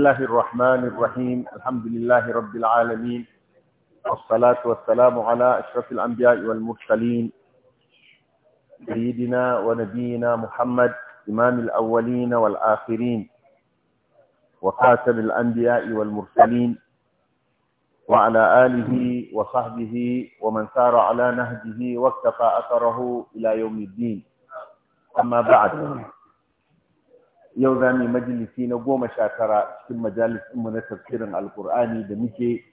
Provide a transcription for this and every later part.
الله الرحمن الرحيم الحمد لله رب العالمين والصلاة والسلام على أشرف الأنبياء والمرسلين سيدنا ونبينا محمد إمام الأولين والآخرين وقاتل الأنبياء والمرسلين وعلى آله وصحبه ومن سار على نهجه واكتفى أثره إلى يوم الدين أما بعد yau za mu yi majalisi na goma sha tara cikin majalisinmu na tafsirin alkur'ani da muke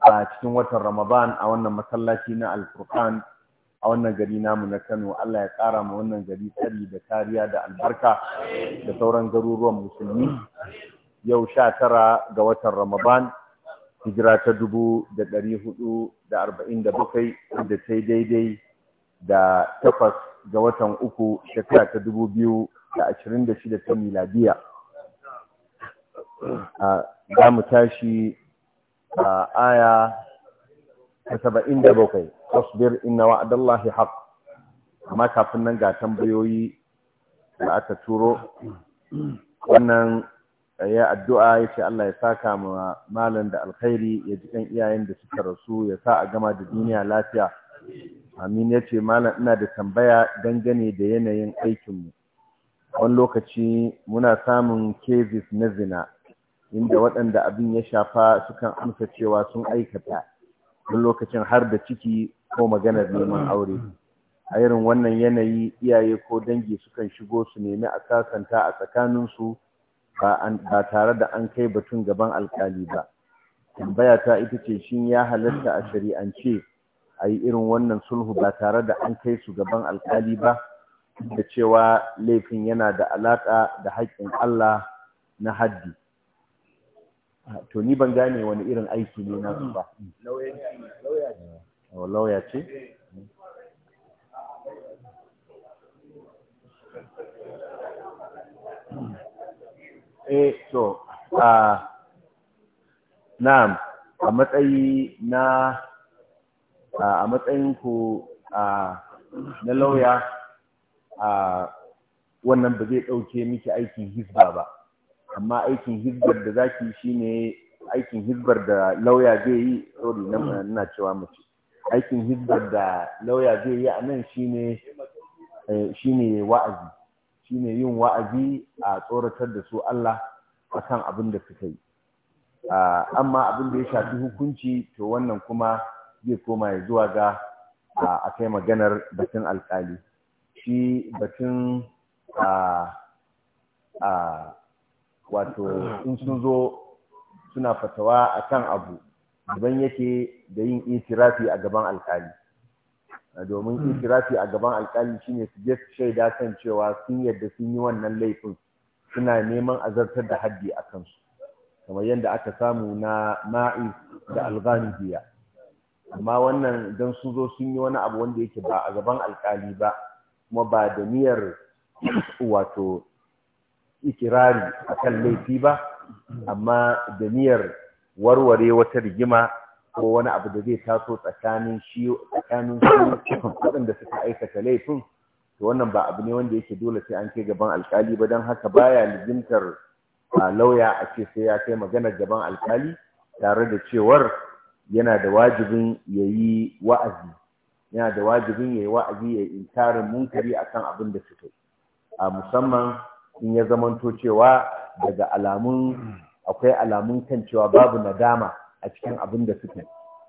a cikin watan ramadan a wannan masallaci na alkur'an a wannan gari namu na kano allah ya ƙara ma wannan gari tsari da kariya da albarka da sauran garuruwan musulmi yau sha tara ga watan ramadan hijira ta dubu da ɗari hudu da arba'in da bakwai da ta daidai da takwas ga watan uku shekara ta dubu biyu da ashirin da da ta miladiya za mu tashi a aya ta saba'in da bakwai inna wa'adallahi haq amma kafin nan ga tambayoyi da aka turo wannan eh, ya addu'a ya ce Allah ya saka ma malam da alkhairi ya ji ɗan iyayen da suka rasu ya sa a gama da duniya lafiya amin ya ce malam ina da tambaya dangane da yanayin aikinmu wani lokaci muna samun cases na zina inda waɗanda abin ya shafa sukan amsa cewa sun aikata wani lokacin har da ciki ko maganar neman aure a irin wannan yanayi iyaye ko dangi sukan shigo su nemi a sasanta a tsakaninsu ba tare da an kai batun gaban alkali ba tambaya ta ita ce shin ya halatta a shari'ance a yi irin wannan sulhu ba tare da an kai su gaban alkali ba da cewa laifin yana da alaƙa da haƙƙin Allah na haddi. To, ni ban gane wani irin aiki ne na ba. Lauya ce? Eh, so, na'am, a matsayi na, a matsayin ku na lauya, a wannan ba zai ɗauke miki aikin hizba ba amma aikin hizbar da zaki ne aikin hizbar da lauya zai yi sorry na cewa mace aikin hizbar da lauya zai yi a nan eh, shi ne wa'azi Shi ne yin wa'azi a tsoratar da su Allah a kan abin da suka yi amma abin da ya shafi hukunci to wannan kuma zai koma ya zuwa ga a kai maganar batun alkali shi batun a a wato in sun zo suna fatawa a kan abu daban yake da yin itirafi a gaban alkali domin hmm. itirafi a gaban alkali shine su je su shaida kan cewa sun yadda sun yi wannan laifin suna neman azartar da haddi a kansu kamar yadda aka samu na ma'i da alganibiya amma wannan idan sun zo sun yi wani abu wanda yake ba a gaban alkali ba kuma ba da niyyar wato ikirari akan laifi ba amma da niyyar warware wata rigima ko wani abu da zai taso tsakanin shi tsakanin su waɗanda suka aikata laifin to wannan ba abu ne wanda yake dole sai an kai gaban alkali ba don haka baya a lauya a ce sai ya kai magana gaban alkali tare da cewar yana da wajibin ya yi wa'azi yana da wajibin ya yi wa'azi yayi inkarin munkari kan abin da suke a musamman in ya zamanto cewa daga alamun akwai alamun kan cewa babu nadama a cikin abin da suke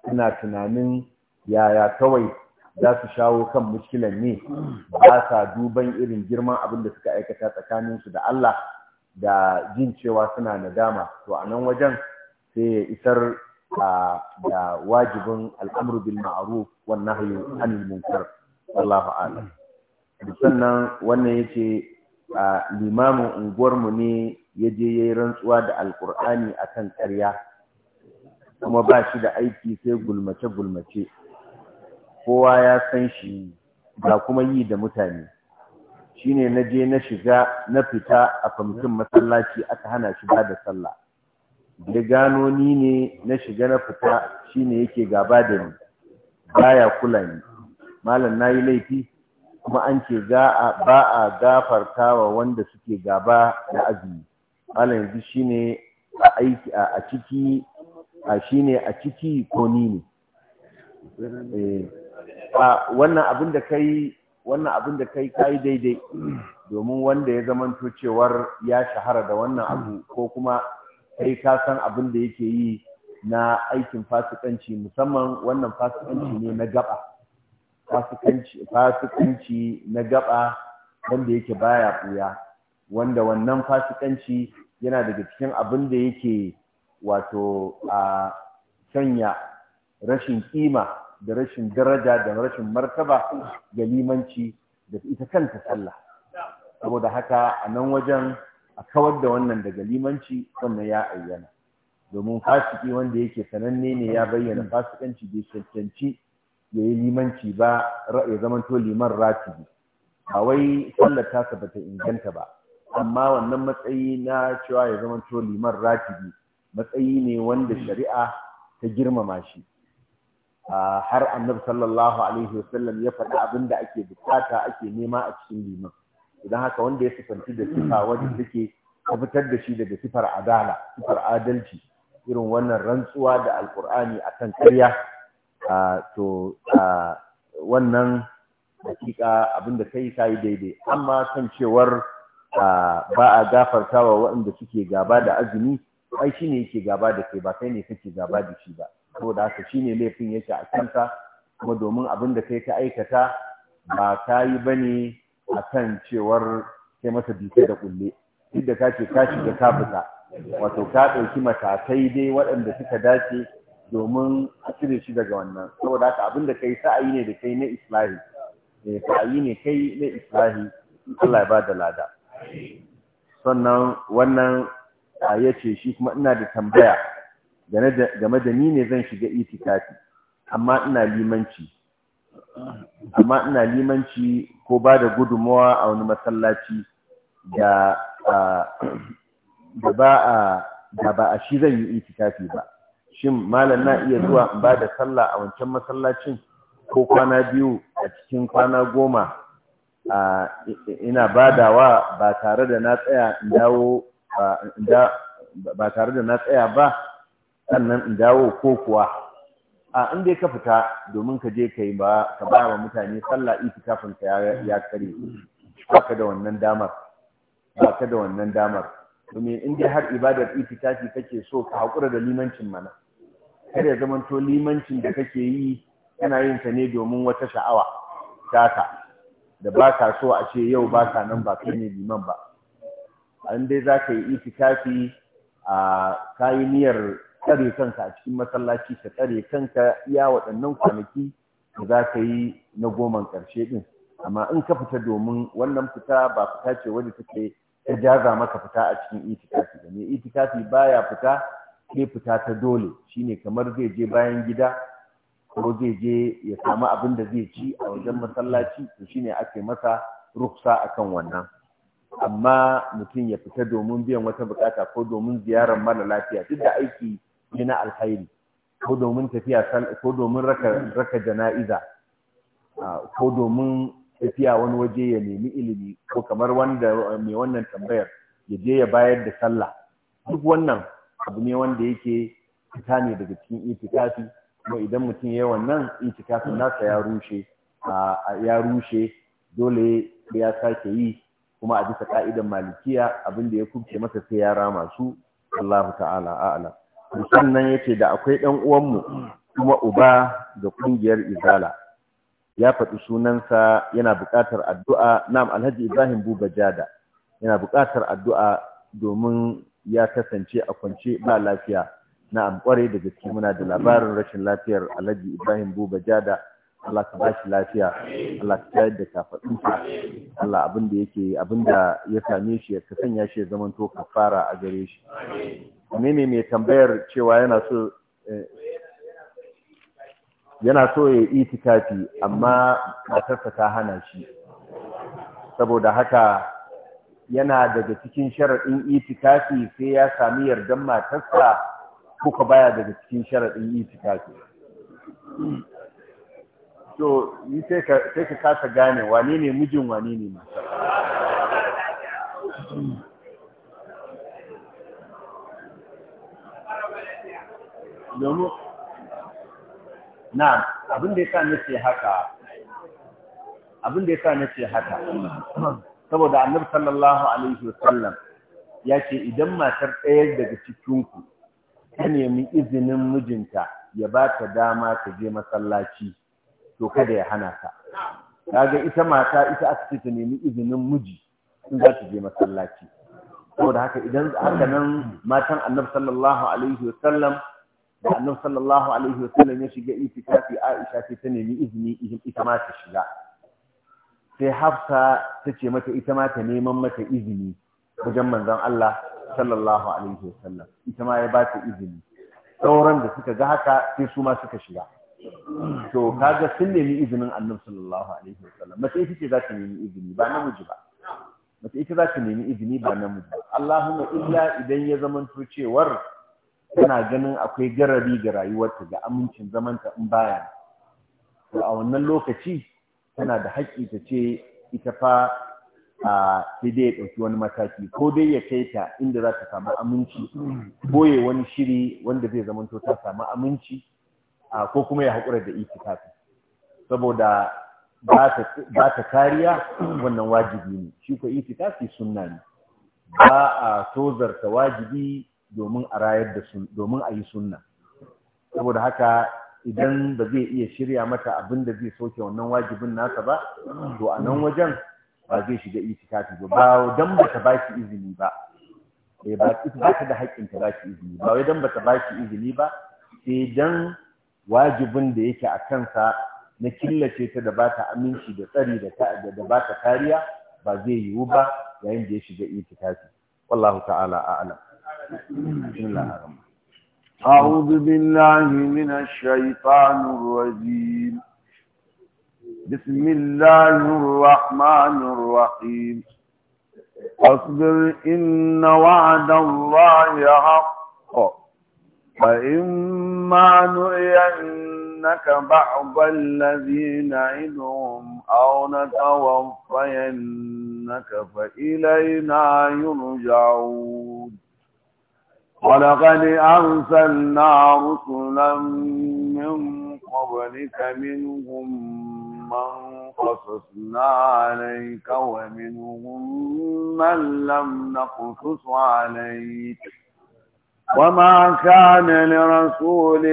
suna tunanin yaya kawai za su shawo kan mushkilan ne ba sa duban irin girman abin da suka aikata tsakaninsu da Allah da jin cewa suna nadama to a nan wajen sai ya isar da wajibin al'amru bil ma'aruf wan an anil munkar wallahu da sannan wannan ce, limamin unguwarmu ne ya je ya yi rantsuwa da a kan karya. kuma ba shi da aiki sai gulmace gulmace kowa ya san shi ba kuma yi da mutane shine na je na shiga na fita a kwamitin masallaci aka hana shi ba da sallah da gano ni ne na shiga na fita shine yake gaba da ni baya kula ni malam nayi laifi kuma an ce ba a gafartawa wanda suke gaba da azumi malam yanzu shine a aiki a ciki a shine a ciki ko ni ne eh, wannan abin da kai wannan daidai domin wanda ya zamanto cewar ya shahara da wannan abu ko kuma kai ka san abin da yake yi na aikin fasikanci musamman wannan fasikanci ne na gaba fasikanci na gaba wanda yake baya buya wanda wannan fasikanci yana daga cikin abin da yake wato a sanya rashin kima da rashin daraja da rashin martaba ga limanci da ita kanta sallah saboda haka a nan wajen a kawar da wannan daga limanci sannan ya ayyana domin fasiki wanda yake sananne ne ya bayyana fasikanci bai cancanci ya yi limanci ba ya to liman ratibi A wai sallar tasa bata inganta ba amma wannan matsayi na cewa ya to liman ratibi matsayi ne wanda shari'a ta girmama shi har annabi sallallahu alaihi wasallam ya faɗi abin da ake bukata ake nema a cikin liman idan haka wanda ya sifanci da sifa wanda suke ka fitar da shi daga sifar adala sifar adalci irin wannan rantsuwa da alkur'ani akan karya to wannan hakika abinda kai kayi daidai amma kan cewar ba a gafarta wa waɗanda suke gaba da azumi ai shine yake gaba da kai ba kai ne kake gaba da shi ba saboda haka shi ne laifin yake a kanka kuma domin abin da kai ka aikata ba ka yi ba ne. a kan cewar sai masa bisa da kulle duk da ka ce ka shiga ka fita wato ka ɗauki matakai dai waɗanda suka dace domin a cire shi daga wannan saboda haka abinda da kai sa'ayi ne da kai na islahi eh, sa'ayi ne kai na islahi Allah ya ba da lada sannan wannan ya ce shi kuma ina da tambaya game da ni ne zan shiga itikafi amma ina limanci amma ina limanci ko ba da gudunmawa a wani masallaci da ba a shi zan yi itikafi ba shin malam na iya zuwa in ba da sallah a wancan masallacin ko kwana biyu a cikin kwana goma ina badawa ba tare da na tsaya in dawo ba tare da na tsaya ba sannan in dawo ko kuwa a in dai ka fita domin ka je ka yi ba ka ba wa mutane sallah itikafin ka ya kare ba ka da wannan damar ba ka da wannan damar domin in dai har ibadar itikafi kake so ka haƙura da limancin mana kada ya zama to limancin da kake yi kana yin ta ne domin wata sha'awa taka da ba ka so a ce yau ba ka nan ba ka ne liman ba an dai za ka yi itikafi a kayi niyyar tsare kanka a cikin masallaci ka tsare kanka iya waɗannan kwanaki da za ka yi na goman ƙarshe ɗin amma in ka fita domin wannan fita ba fita ce wadda take ta jaza maka fita a cikin itikafi da mai itikafi baya fita sai fita ta dole shine kamar zai je bayan gida ko zai je ya samu abin da zai ci a wajen masallaci to shine ake masa ruksa akan wannan amma mutum ya fita domin biyan wata bukata ko domin ziyarar mara lafiya duk da aiki na alhairi ko domin tafiya ko domin raka jana'iza ko domin tafiya wani waje ya nemi ilimi ko kamar wanda mai wannan tambayar ya je ya bayar da sallah duk wannan abu ne wanda yake fita ne daga cikin itikafi kuma idan mutum ya yi wannan itikafi nasa ya rushe ya rushe dole ya sake yi kuma a bisa ka'idan malikiya abinda ya kubce masa sai ya rama su Allahu ta'ala a'lam sannan yake da akwai ɗan uwanmu kuma uba da ƙungiyar izala ya faɗi sunansa yana buƙatar addu'a nam alhaji ibrahim buba jada yana buƙatar addu'a domin ya kasance a kwance ba lafiya na amƙware da gaske muna da labarin rashin lafiyar alhaji ibrahim buba jada Allah ka ba shi lafiya Allah ka tayar da kafaɗinsa Allah abin da yake abin da ya same shi ya sanya shi ya zamanto kafara a gare shi ne mai tambayar cewa yana so eh, yana so ya itikafi amma matarsa ta hana shi saboda haka yana daga cikin sharaɗin itikafi sai ya sami yardan matarsa kuka baya daga cikin sharaɗin itikafi to yi sai ka kasa gane wane ne mijin wane ne na abin da ya sa nace haka abin da ya sa nace haka saboda annabi sallallahu alaihi wasallam ya ce idan matar ɗaya daga cikinku ta nemi izinin mijinta ya ba ta dama ta je masallaci to kada ya hana ta kaga ita mata ita aka ce ta nemi izinin miji in za ta je masallaci saboda haka idan haka nan matan annabi sallallahu alaihi wasallam da annabi sallallahu alaihi wa sallam ya shiga itikafi Aisha ce ta nemi izini ita ma ta shiga sai Hafsa ta ce mata ita ma ta neman mata izini wajen manzon Allah sallallahu alaihi wa sallam ita ma ya ba ta izini sauran da suka ga haka sai su ma suka shiga to kaga sun nemi izinin annabi sallallahu alaihi wa sallam mace ita ce za ta nemi izini ba namiji ba mace ita za ta nemi izini ba namiji ba Allahumma illa idan ya zamanto cewar tana ganin akwai garari ga rayuwarta ga amincin zamanta in baya to a wannan lokaci tana da haƙƙi ta ce ita fa a sai dai ya ɗauki wani mataki ko dai ya kai ta inda za ta samu aminci ko ya wani shiri wanda zai zamanto ta samu aminci ko kuma ya haƙura da itikafi saboda ba ta kariya wannan wajibi ne shi ko itikafi sunna ne ba a tozarta wajibi domin a rayar da sun domin a yi sunna saboda haka idan ba zai iya shirya mata abin da zai soke wannan wajibin nasa ba to a nan wajen ba zai shiga itikafi ba ba dan ba ta baki izini ba eh ba ba ta da haƙƙin ta baki izini ba wai dan ba ta baki izini ba sai dan wajibin da yake a kansa na killace ta da ba ta aminci da tsari da da ba ta kariya ba zai yiwu ba yayin da ya shiga itikafi wallahu ta'ala a'lam أعوذ بالله من الشيطان الرجيم بسم الله الرحمن الرحيم أصبر إن وعد الله حق فإما نرينك بعض الذين عدهم أو نتوفينك فإلينا يرجعون ولقد أرسلنا رسلا من قبلك منهم من قصصنا عليك ومنهم من لم نقصص عليك وما كان لرسول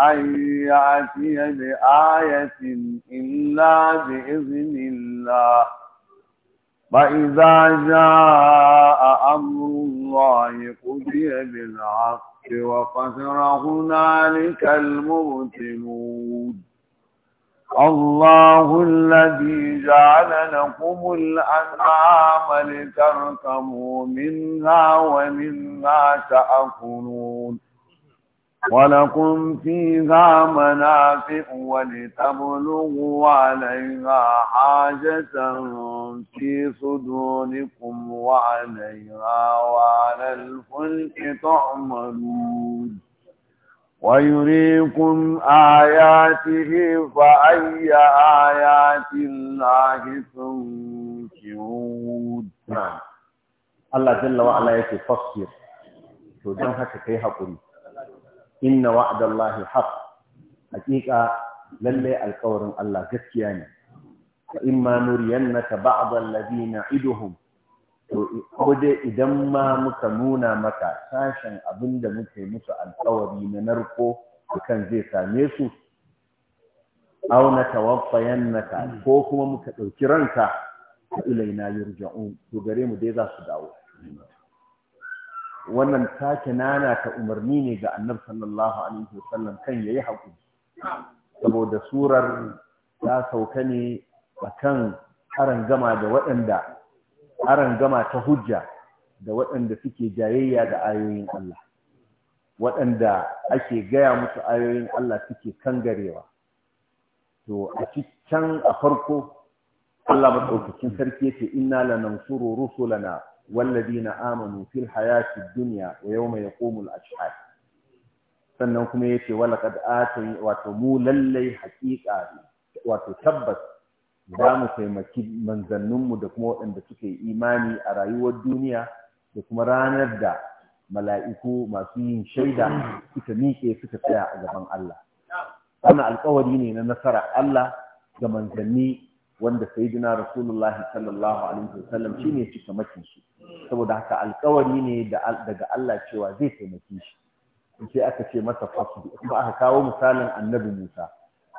أن يأتي بآية إلا بإذن الله فإذا جاء أمر الله قضي بالحق وقسر هنالك المبتلون الله الذي جعل لكم الأنعام لتركموا منها ومنها تأكلون ولكم فيها منافع ولتبلغوا عليها حاجة في صدوركم وعليها وعلى الفلك تعملون ويريكم آياته فأي آيات الله تنكرون الله جل وعلا يتفكر تجنحك كيها قلت inna wa'dallahi haq haƙiƙa lalle alƙawarin Allah gaskiya ne fa ma nuriyannaka ba'd alladhi na'iduhum to ko dai idan ma muka nuna maka sashen abin da muke musu alƙawari na narko kan zai same su aw natawaffayannaka ko kuma muka ɗauki ranka ilaina yurja'un to gare mu dai za su dawo wannan sake nana ta umarni ne ga annabi sallallahu alaihi wasallam kan yayi haƙuri saboda surar ta sauka ne akan aran gama da waɗanda aran gama ta hujja da waɗanda suke jayayya da ayoyin Allah waɗanda ake gaya musu ayoyin Allah suke garewa. to a cikin a farko Allah madaukakin sarki yake inna lanansuru rusulana والذين آمنوا في الحياة الدنيا ويوم يقوم الأشهاد sannan kuma yace walaqad atay wato mu lallai haƙiƙa wato tabbas za mu taimaki manzanninmu da kuma waɗanda suke imani a rayuwar duniya da kuma ranar da mala'iku masu yin shaida suka miƙe suka tsaya a gaban Allah wannan alƙawari ne na nasara Allah ga manzanni wanda sayyidina rasulullahi sallallahu alaihi wasallam shine cika makin su saboda haka alkawari ne daga Allah cewa zai taimaki shi sai aka ce masa fasbi kuma aka kawo misalin annabi Musa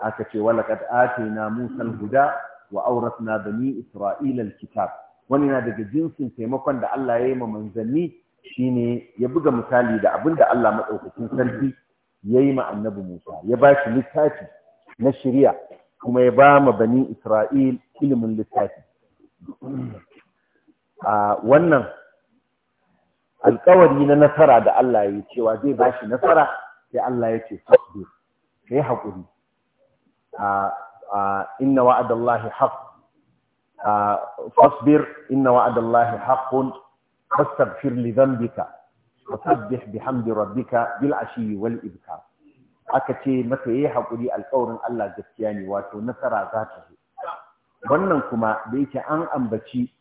aka ce wala kad atina Musa al-huda wa awrathna bani Isra'ila al-kitab wani na daga jinsin taimakon da Allah ya yi ma manzanni shine ya buga misali da abin da Allah madaukakin sarki ya yi ma annabi Musa ya ba shi littafi na shari'a kuma ya ba ma bani Isra'il ilimin littafi. A wannan alkawari na nasara da Allah ya cewa zai ba shi nasara sai Allah ya ce fasbir ka yi haƙuri inna wa'adallahi haq fasbir inna wa'adallahi haqqun fastaghfir li dhanbika fasabbih bihamdi rabbika bil ashi wal ibkar aka ce masa yi hakuri alƙawarin Allah gaskiya ne wato nasara za ta zo wannan kuma da yake an ambaci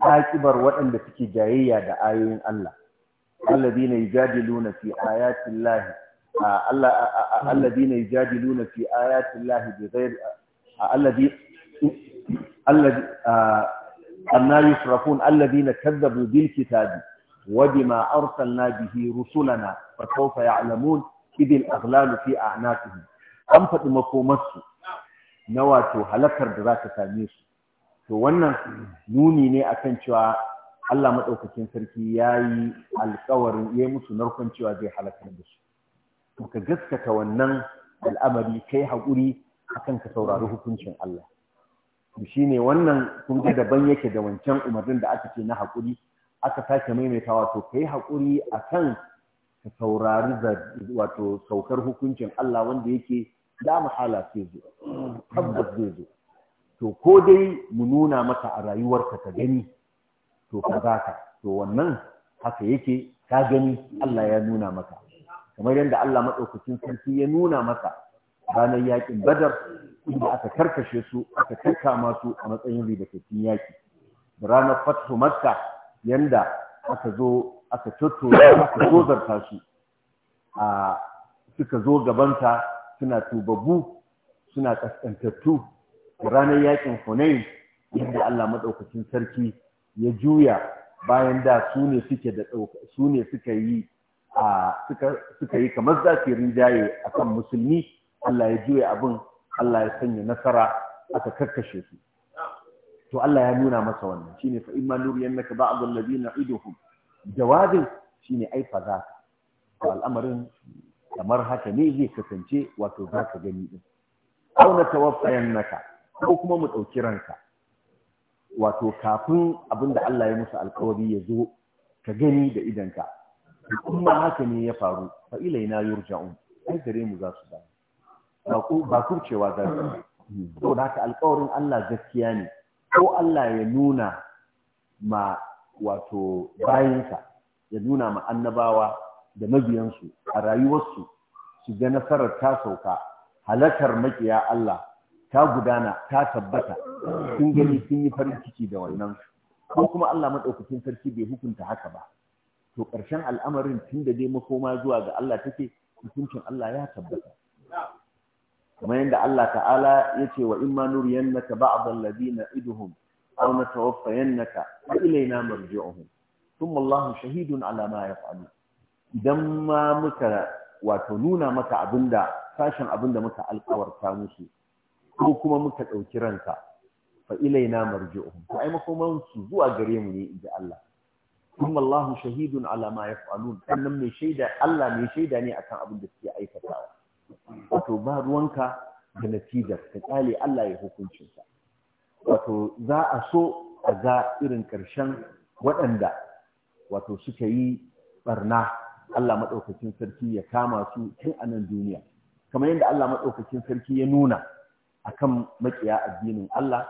taƙibar waɗanda suke jayayya da ayoyin Allah alladhina yujadiluna fi ayati Allah Allah alladhina yujadiluna fi ayati Allah bighayr alladhi alladhi annar yusrafun alladhina kadzabu bil kitabi wa bima arsalna bihi rusulana fa sawfa ya'lamun idil aghlalu fi a'naqihi an faɗi makomarsu na wato halakar da za ta same su to wannan nuni ne akan cewa Allah maɗaukacin sarki ya yi alkawarin ya yi musu narkon cewa zai halakar da su to ka gaskata wannan al'amari kai haƙuri akan ka saurari hukuncin Allah shi ne wannan kun ga daban yake da wancan umarnin da aka ce na haƙuri aka sake maimaita wato kai haƙuri akan ka saurari wato saukar hukuncin Allah wanda yake da muhala ke zo tabbas zai zo to ko dai mu nuna maka a rayuwarka ka gani to ka ka. to wannan haka yake ka gani Allah ya nuna maka kamar yadda Allah madaukakin sarki ya nuna maka ranar yakin Badar inda aka karkashe su aka karkama su a matsayin ribatattun yaki ranar Fatu Makka yanda aka zo aka tattura aka tozarta su a suka zo gabanta suna tubabu suna kaskantattu ranar yakin Hunain inda Allah madaukakin sarki ya juya bayan da su ne suke da su ne suka yi a suka suka yi kamar za su rinjaye akan musulmi Allah ya juya abin Allah ya sanya nasara aka karkashe su to Allah ya nuna masa wannan shine fa imma nuriyannaka ba'd alladhina iduhum jawabin shine ai aifa za ka al'amarin kamar haka ne zai kasance wato za ka gani din auna tawaffayan naka ko kuma mu ɗauki ranka wato kafin abin da Allah ya musu alkawari ya zo ka gani da idanka kuma ma haka ne ya faru fa ilaina yurja'un ai gare mu za su dawo ba ku cewa za su to da haka alkawarin Allah gaskiya ne ko Allah ya nuna ma wato bayinsa ya nuna ma annabawa da mabiyansu a rayuwarsu su ga nasarar ta sauka halakar makiya Allah ta gudana ta tabbata sun gani sun yi farin ciki da wannan ko kuma Allah maɗaukakin sarki bai hukunta haka ba to ƙarshen al'amarin tun da dai makoma zuwa ga Allah take hukuncin Allah ya tabbata kamar yadda Allah ta'ala ya ce wa imma nuriyannaka ba'd alladhina iduhum أو نتوفينك فإلينا مرجعهم ثم الله شهيد على ما يفعلون idan ma muka wato nuna maka abinda sashen abinda muka alkawarta musu ko kuma muka ɗauki ranka fa ilaina marji'uhum to ai makoman su zuwa gare mu ne inji Allah kuma Allah shahidun ala ma yaf'alun sannan mai shaida Allah mai shaida ne akan abin da suke aikatawa wato ba ruwanka da natijar ka kale Allah ya yi sa wato za a so a ga irin ƙarshen waɗanda wato suka yi ɓarna. Allah maɗaukacin sarki ya kama su tun a nan duniya kamar yadda Allah maɗaukakin sarki ya nuna a kan maƙiya addinin Allah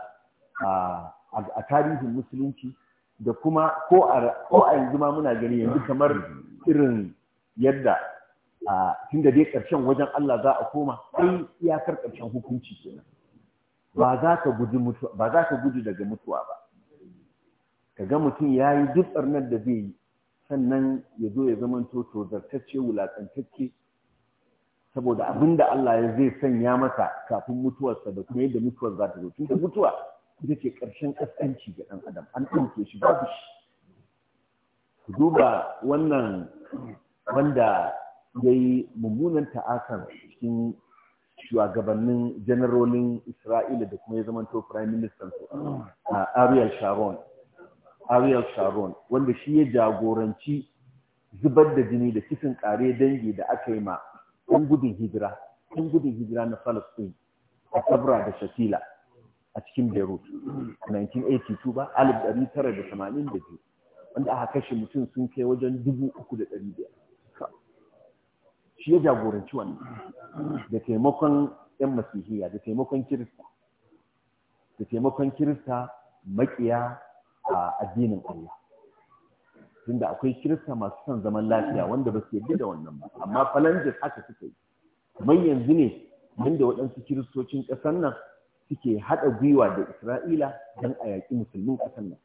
a tarihin musulunci da kuma ko a yanzu ma muna gani yanzu kamar irin yadda tun da dai ƙarshen wajen Allah za a koma ai iyakar ƙarshen hukunci kenan ba za ka gudu daga mutuwa ba ka ga mutum ya yi duk ɓarnar da zai yi sannan ya zo ya zama toto zartacce wulaƙantacce saboda abin da Allah ya zai sanya masa kafin mutuwarsa da kuma yadda mutuwar za ta zo tun da mutuwa ita ce ƙarshen ƙasƙanci ga ɗan adam an ɗauke shi babu shi ku duba wannan wanda ya yi mummunan ta'asar cikin shugabannin generalin Isra'ila da kuma ya zamanto prime minister su Ariel Sharon Ariel Sharon wanda shi ya jagoranci zubar da jini da kisan kare dangi da aka yi ma ɗan gudun hijira ɗan gudun hijira na Palestine a Sabra da shatila a cikin Beirut 1982 ba 1982 wanda aka kashe mutum sun kai wajen 3,500 shi ya jagoranci wannan da taimakon yan masihiya da taimakon kirista da taimakon kirista makiya a addinin Allah tunda akwai kirista masu son zaman lafiya wanda ba su yadda da wannan ba amma falangis haka suka yi kamar yanzu ne wanda waɗansu kiristocin ƙasar nan suke haɗa gwiwa da Isra'ila don a yaƙi musulmin ƙasar nan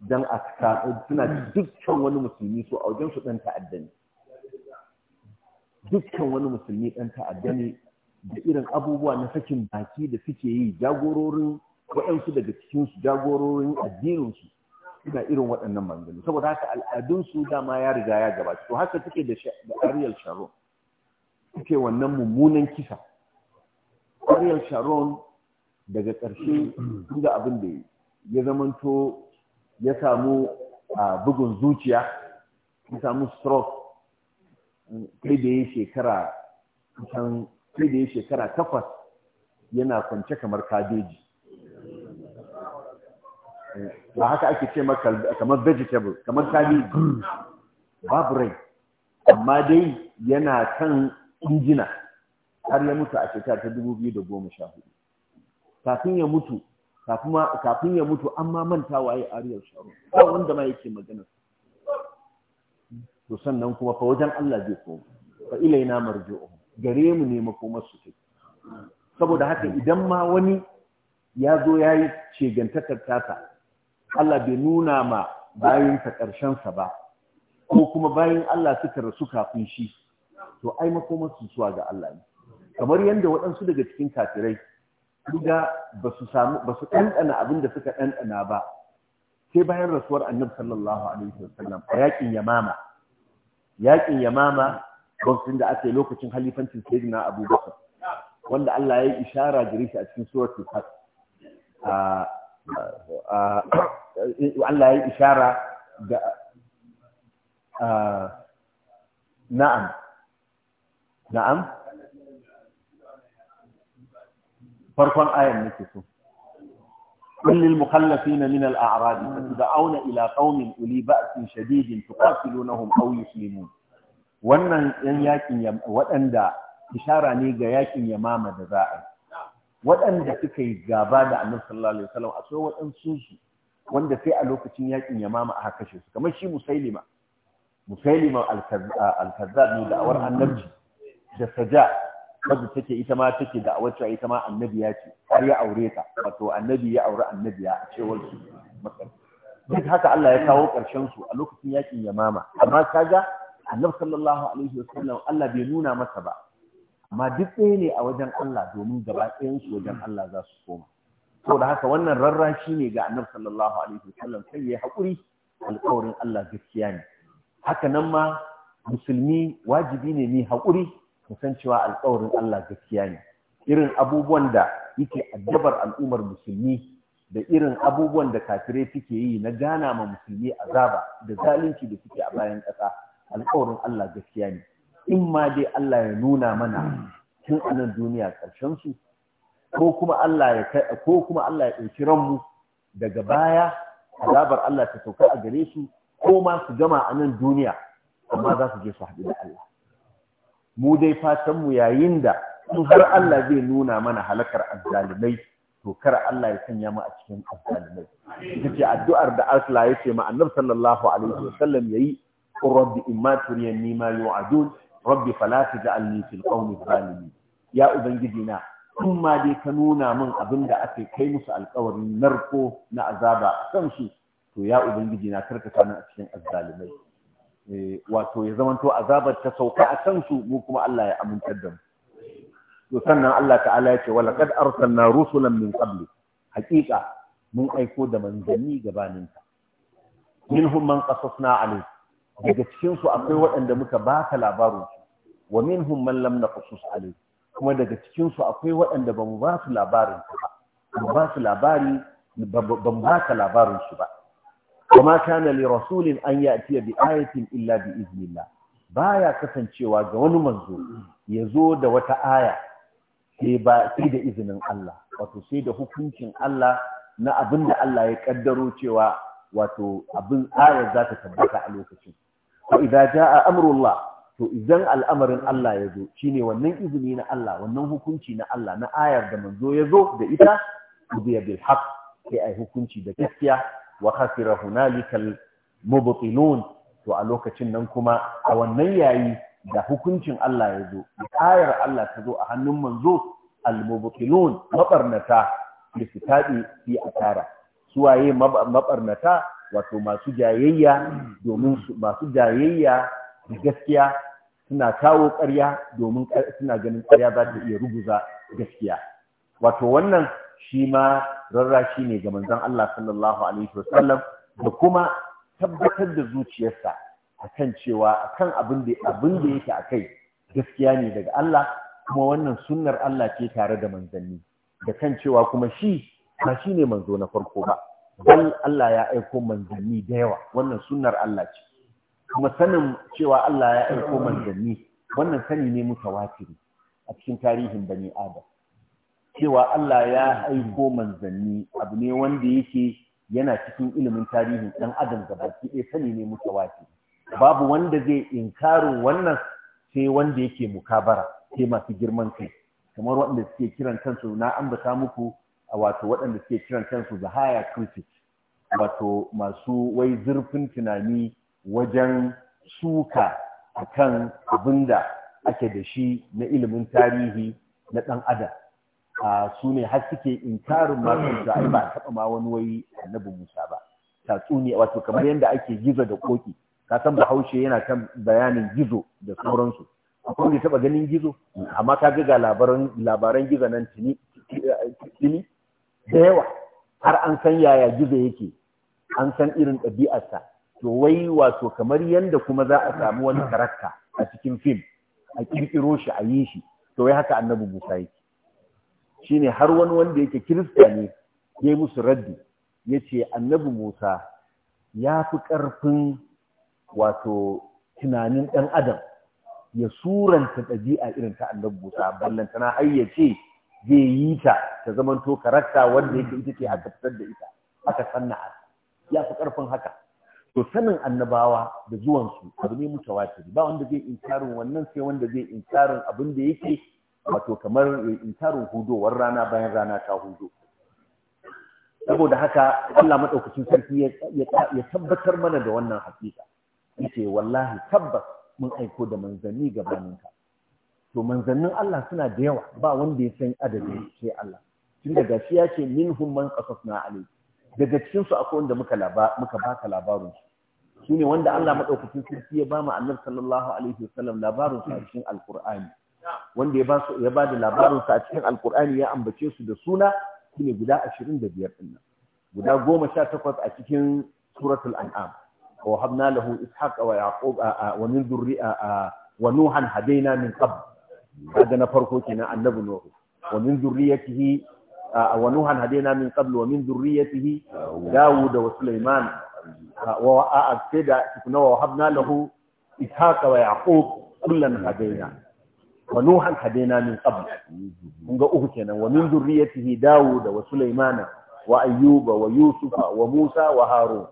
don a suna dukkan wani musulmi so a wajen su ɗan ta'addani dukkan wani musulmi ɗan ta'adda ne da irin abubuwa na sakin baki da suke yi jagororin waɗansu daga cikinsu jagororin addininsu suna irin waɗannan manzanni saboda haka al'adunsu dama ya riga ya gabata to haka take da Ariel Sharon take wannan mummunan kisa Ariel Sharon daga ƙarshe inda abin da ya zamanto ya samu bugun zuciya ya samu stroke kai da ya shekara kusan kai da shekara takwas yana kwance kamar kabeji ba haka ake ce kamar vegetable kamar kabeji babu rai amma dai yana kan injina har ya mutu a shekara ta hudu. kafin ya mutu kafin ya mutu an ma manta waye ariyar sharon wanda ma yake magana. to sannan kuma fa wajen Allah zai koma fa ilaina marji'u gare mu ne makomar su take saboda haka idan ma wani ya zo ya yi cegantakar tasa Allah bai nuna ma karshen sa ba ko kuma bayin Allah suka rasu kafin shi to ai makomar su zuwa ga Allah ne kamar yadda waɗansu daga cikin kafirai duga ba samu ba su ɗanɗana abin da suka ɗanɗana ba sai bayan rasuwar annabi sallallahu alaihi wasallam a yamama yaƙin yamama lokacin da aka yi lokacin halifancin sayyidina abubakar wanda Allah ya yi ishara gare shi a cikin suratul fath Allah ya yi ishara da na'am na'am farkon ayan nake so كل المخلفين من الأعراب فتدعون إلى قوم أولي بأس شديد تقاتلونهم أو يسلمون wannan ‘yan yakin waɗanda ishara ne ga yakin yamama da za'a. waɗanda suka yi gaba da annabi sallallahu alaihi wasallam akwai waɗansu su wanda sai a lokacin yakin yamama aka kashe su kamar shi musailima musailima al-kazzab ne da awar annabci da saja wadda take ita ma take da wacce ita ma annabiya ce har ya aure ta wato annabi ya aure annabiya a cewar su duk haka Allah ya kawo ƙarshen su a lokacin yakin Yamama amma kaga Annabi sallallahu alaihi wasallam Allah bai nuna masa ba amma duk ɗaya ne a wajen Allah domin gaba ɗayan su wajen Allah za su koma da haka wannan rarrashi ne ga Annabi sallallahu alaihi wasallam sai ya haƙuri alƙawarin Allah gaskiya ne haka nan ma musulmi wajibi ne ni haƙuri mu san cewa alƙawarin Allah gaskiya ne irin abubuwan da yake addabar al'ummar musulmi da irin abubuwan da kafirai suke yi na gana ma musulmi azaba da zalunci da suke a bayan ƙasa alƙawarin Allah gaskiya ne in ma dai Allah ya nuna mana tun a nan duniya ƙarshen su ko kuma Allah ya ko kuma Allah ya ɗauki ranmu daga baya azabar Allah ta sauka a gare su ko ma su gama a nan duniya amma za su je su haɗu da Allah mu dai fatan mu yayin da in har Allah zai nuna mana halakar azzalimai to kar Allah ya sanya mu a cikin azzalimai ita ce addu'ar da Allah ya ce ma annabi sallallahu alaihi wasallam yayi rabbi imma turiyanni ma yu'adun rabbi fala taj'alni fil qawmi zalimin ya ubangiji na in ma dai ka nuna min abin da ake kai musu alkawarin narko na azaba a kan su to ya ubangiji na karkata ni a cikin azzalimai Eh, wato ya zamanto azabar ta sauka a kansu, su mu kuma Allah ya amintar da mu to sannan Allah ta'ala ya ce wa laqad arsalna rusulan min qabli haqiqa mun aiko da manzanni gabanin ka minhum man qasasna alayhi daga cikin su akwai waɗanda muka baka labarin su wa minhum man lam naqsus alayhi kuma daga cikin su akwai waɗanda ba mu ba su labarin su ba ba su labari ba mu ba ka labarin su ba kuma kana li rasulin an ya'tiya bi ayatin illa bi ba baya kasancewa ga wani manzo ya zo da wata aya sai ba sai da izinin Allah wato sai da hukuncin Allah na abin da Allah ya kaddaro cewa wato abin ayar za ta tabbata a lokacin to idza jaa amrullah to idan al'amarin Allah ya zo shine wannan izini na Allah wannan hukunci na Allah na ayar da manzo ya zo da ita ubiya bil haqq sai ai hukunci da gaskiya wa khasira hunalikal to a lokacin nan kuma a wannan yayi da hukuncin Allah ya zo ayar Allah ta zo a hannun manzo al-mubtilun mabarnata fi sitabi fi asara suwaye mabarnata wato masu jayayya domin masu jayayya da gaskiya suna kawo ƙarya domin suna ganin ƙarya za ta iya ruguza gaskiya wato wannan shi ma Rarra shi ne ga manzon Allah sallallahu alaihi wasallam da kuma tabbatar da zuciyarsa akan cewa akan abin da abin da yake akai gaskiya ne daga Allah kuma wannan sunnar Allah ce tare da manzanni da kan cewa kuma shi ba shi ne manzo na farko ba bal Allah ya aiko manzanni da yawa wannan sunnar Allah ce kuma sanin cewa Allah ya aiko manzanni wannan sani ne mutawatir a cikin tarihin bani adam cewa Allah ya hmm. aiko manzanni abu ne wanda yake yana cikin ilimin tarihin ɗan adam gabaki ɗaya sani ne mutawati babu wanda zai inkarin wannan sai wanda yake mukabara sai masu girman kai kamar waɗanda suke kiran kansu na ambata muku a wato waɗanda suke kiran kansu za haya critic wato masu wai zurfin tunani wajen suka akan abin da ake da shi na ilimin tarihi na ɗan adam su ne har suke inkarin ma kansu ai ba taɓa ma wani wai annabi Musa ba tatsuniya wato kamar yadda ake gizo da koki ka san Bahaushe yana kan bayanin gizo da sauransu akwai wanda taɓa ganin gizo amma ka ga labaran gizo nan tuni da yawa har an san yaya gizo yake an san irin ɗabi'arsa to wai wato kamar yadda kuma za a samu wani karakta a cikin fim a ƙirƙiro shi a yi shi to wai haka annabi Musa yake shine har wani wanda yake kirista ne ya yi musu raddi ya ce annabi musa ya fi ƙarfin wato tunanin ɗan adam ya suranta ɗabi'a irin ta annabi musa ballantana har ya ce zai yi ta ta zamanto karakta wanda yake ita ce aka da ita aka a ya fi ƙarfin haka to sanin annabawa da zuwansu abu ne mutawatiri ba wanda zai inkarin wannan sai wanda zai inkarin abin da yake wato kamar intarin inkarin hudowar rana bayan rana ta hudo saboda haka Allah madaukakin sarki ya tabbatar mana da wannan hakika yace wallahi tabbas mun aiko da manzanni gabaninka to manzannin Allah suna da yawa ba wanda ya san adadin sai Allah tun daga shi ya ce minhum man qasasna alayhi daga cikin su akwai wanda muka muka baka labarin su ne wanda Allah madaukakin sarki ya ba mu annabi sallallahu alaihi wasallam labarin cikin alqur'ani wanda ya ba su ya ba da labarin sa a cikin alkur'ani ya ambace su da suna shine guda 25 din nan guda 18 a cikin suratul an'am wa habna lahu ishaq wa yaqub wa min dhurriya wa nuhan hadaina min qabl hada na farko kenan annabi nuhu wa min dhurriyatihi wa nuhan hadaina min qabl wa min dhurriyatihi daud wa sulaiman wa a'tida tukuna wa habna lahu ishaq wa yaqub kullan hadaina wa nuhan hadaina min qabl kun uku kenan wa min zurriyatihi dawud wa sulaymana wa ayyuba wa yusufa wa musa wa harun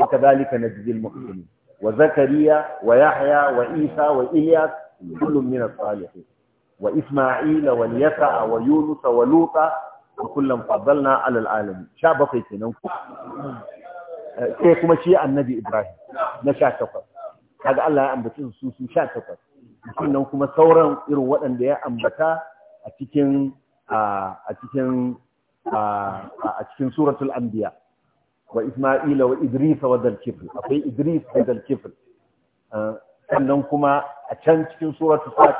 wakadhalika najzi al-muhsinin wa zakariya wa yahya wa isa wa ilyas kullun min as wa isma'ila wa yasa wa yunus wa sha bakwai kenan ku eh, kuma shi annabi ibrahim na sha takwas Allah ya ambaci su su sha takwas sannan kuma sauran irin waɗanda ya ambata a cikin a cikin a cikin suratul anbiya wa isma'ila wa idris wa dalkifl akwai idris da dalkifl sannan kuma a can cikin suratul fat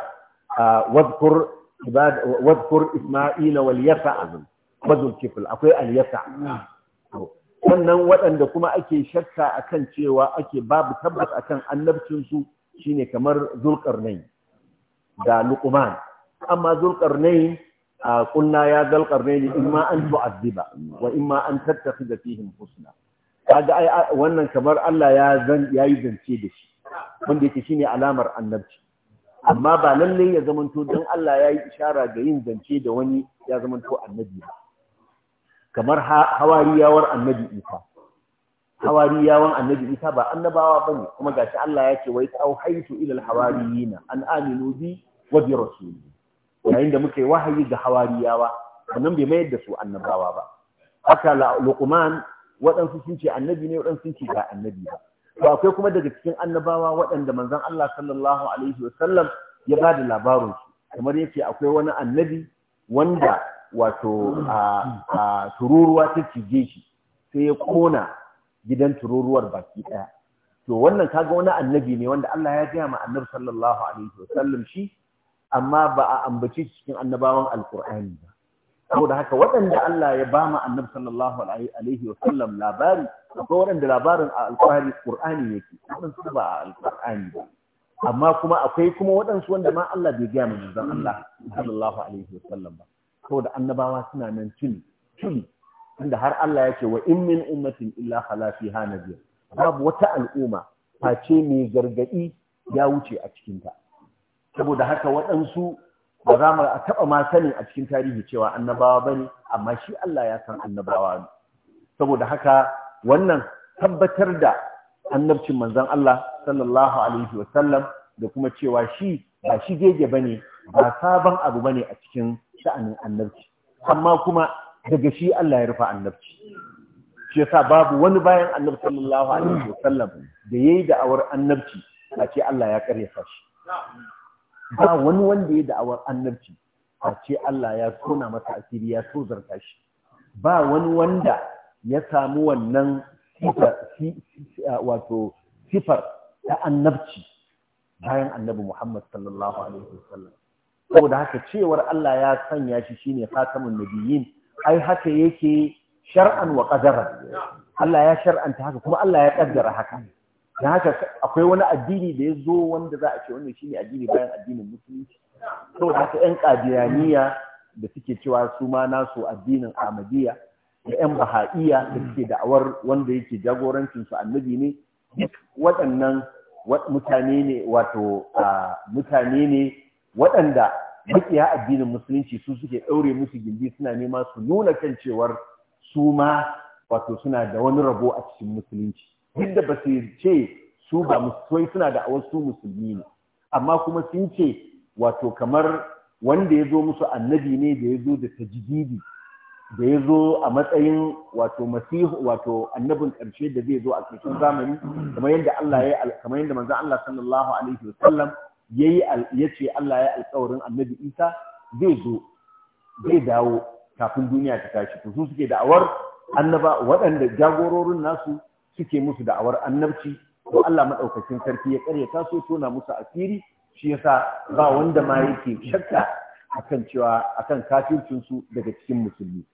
wadhkur ibad wadhkur isma'ila wal yasa wa dalkifl akwai al yasa sannan waɗanda kuma ake shakka akan cewa ake babu tabbas akan annabcin su shine kamar nai da luqman amma a kunna ya in ma an tu'adhiba wa ma an tattakhidha fihim husna kaga ai wannan kamar Allah ya zan yayi zance da shi wanda yake shine alamar annabci amma ba lalle ya zamanto don Allah ya yi ishara ga yin zance da wani ya zamanto annabi ba kamar hawariyawar annabi isa hawariyawan annabi isa ba annabawa bane kuma gashi Allah yake wai ta auhaitu ila alhawariyina an aminu bi wa bi rasuli yayin da muka yi wahayi ga hawariyawa wannan bai mayar da su annabawa ba haka luqman wadansu sun ce annabi ne wadansu sun ce ga annabi ba to akwai kuma daga cikin annabawa wadanda manzon Allah sallallahu alaihi wa ya ba da labarin su kamar yake akwai wani annabi wanda wato a tururuwa ta cije shi sai ya kona gidan tururuwar baki ɗaya to wannan kaga wani annabi ne wanda Allah ya gaya ma annabi sallallahu alaihi wasallam shi amma ba a ambaci cikin annabawan alkur'ani ba saboda haka waɗanda Allah ya ba ma annabi sallallahu alaihi wasallam labari akwai waɗanda labarin a alkur'ani qur'ani yake waɗansu ba a alkur'ani ba amma kuma akwai kuma waɗansu wanda ma Allah bai gaya ma manzon Allah sallallahu alaihi wasallam ba saboda annabawa suna nan tuni tuni inda har Allah ya ce wa in min ummatin illa khala fiha nadir babu wata al'umma face mai gargadi ya wuce a cikin ta saboda haka waɗansu ba za mu taɓa ma sanin a cikin tarihi cewa annabawa bane amma shi Allah ya san annabawa ne saboda haka wannan tabbatar da annabcin manzon Allah sallallahu alaihi wa sallam da kuma cewa shi ba shi gege bane ba sabon abu bane a cikin sha'anin annabci amma kuma daga shi Allah ya rufa annabci shi yasa babu wani bayan annabi sallallahu alaihi wasallam da yayi da'awar annabci a ce Allah ya karyata shi ba wani wanda yayi da'awar annabci a ce Allah ya tona masa asiri ya tozarta shi ba wani wanda ya samu wannan wato sifar ta annabci bayan annabi Muhammad sallallahu alaihi wasallam saboda haka cewar Allah ya sanya shi shine khatamun nabiyyin ai haka yake shar'an wa qadara Allah ya shar'anta haka kuma Allah ya kaddara haka dan haka akwai wani addini da ya zo wanda za a ce wannan shine addini bayan addinin musulunci saboda haka ƴan qadiraniya da suke cewa su ma nasu addinin ahmadiyya da ƴan baha'iya da suke da'awar wanda yake jagorancin su annabi ne duk waɗannan mutane ne wato mutane ne waɗanda makiya addinin musulunci su suke ɗaure musu gindi suna nema su nuna kan cewar su ma wato suna da wani rabo a cikin musulunci duk da ba su ce su ba musulmai suna da wasu musulmi ne amma kuma sun ce wato kamar wanda ya zo musu annabi ne da ya zo da tajididi da ya zo a matsayin wato masihu wato annabin ƙarshe da zai zo a cikin zamani kamar yadda Allah ya kamar yadda manzon Allah sallallahu yayi ce Allah ya alƙawarin Annabi Isa zai zo zai dawo kafin duniya ta tashi to su suke da'awar annaba waɗanda jagororin nasu suke musu da'awar annabci to Allah madaukakin sarki ya karya taso tona musu asiri shi yasa ba wanda ma yake shakka akan cewa akan kafircin su daga cikin musulmi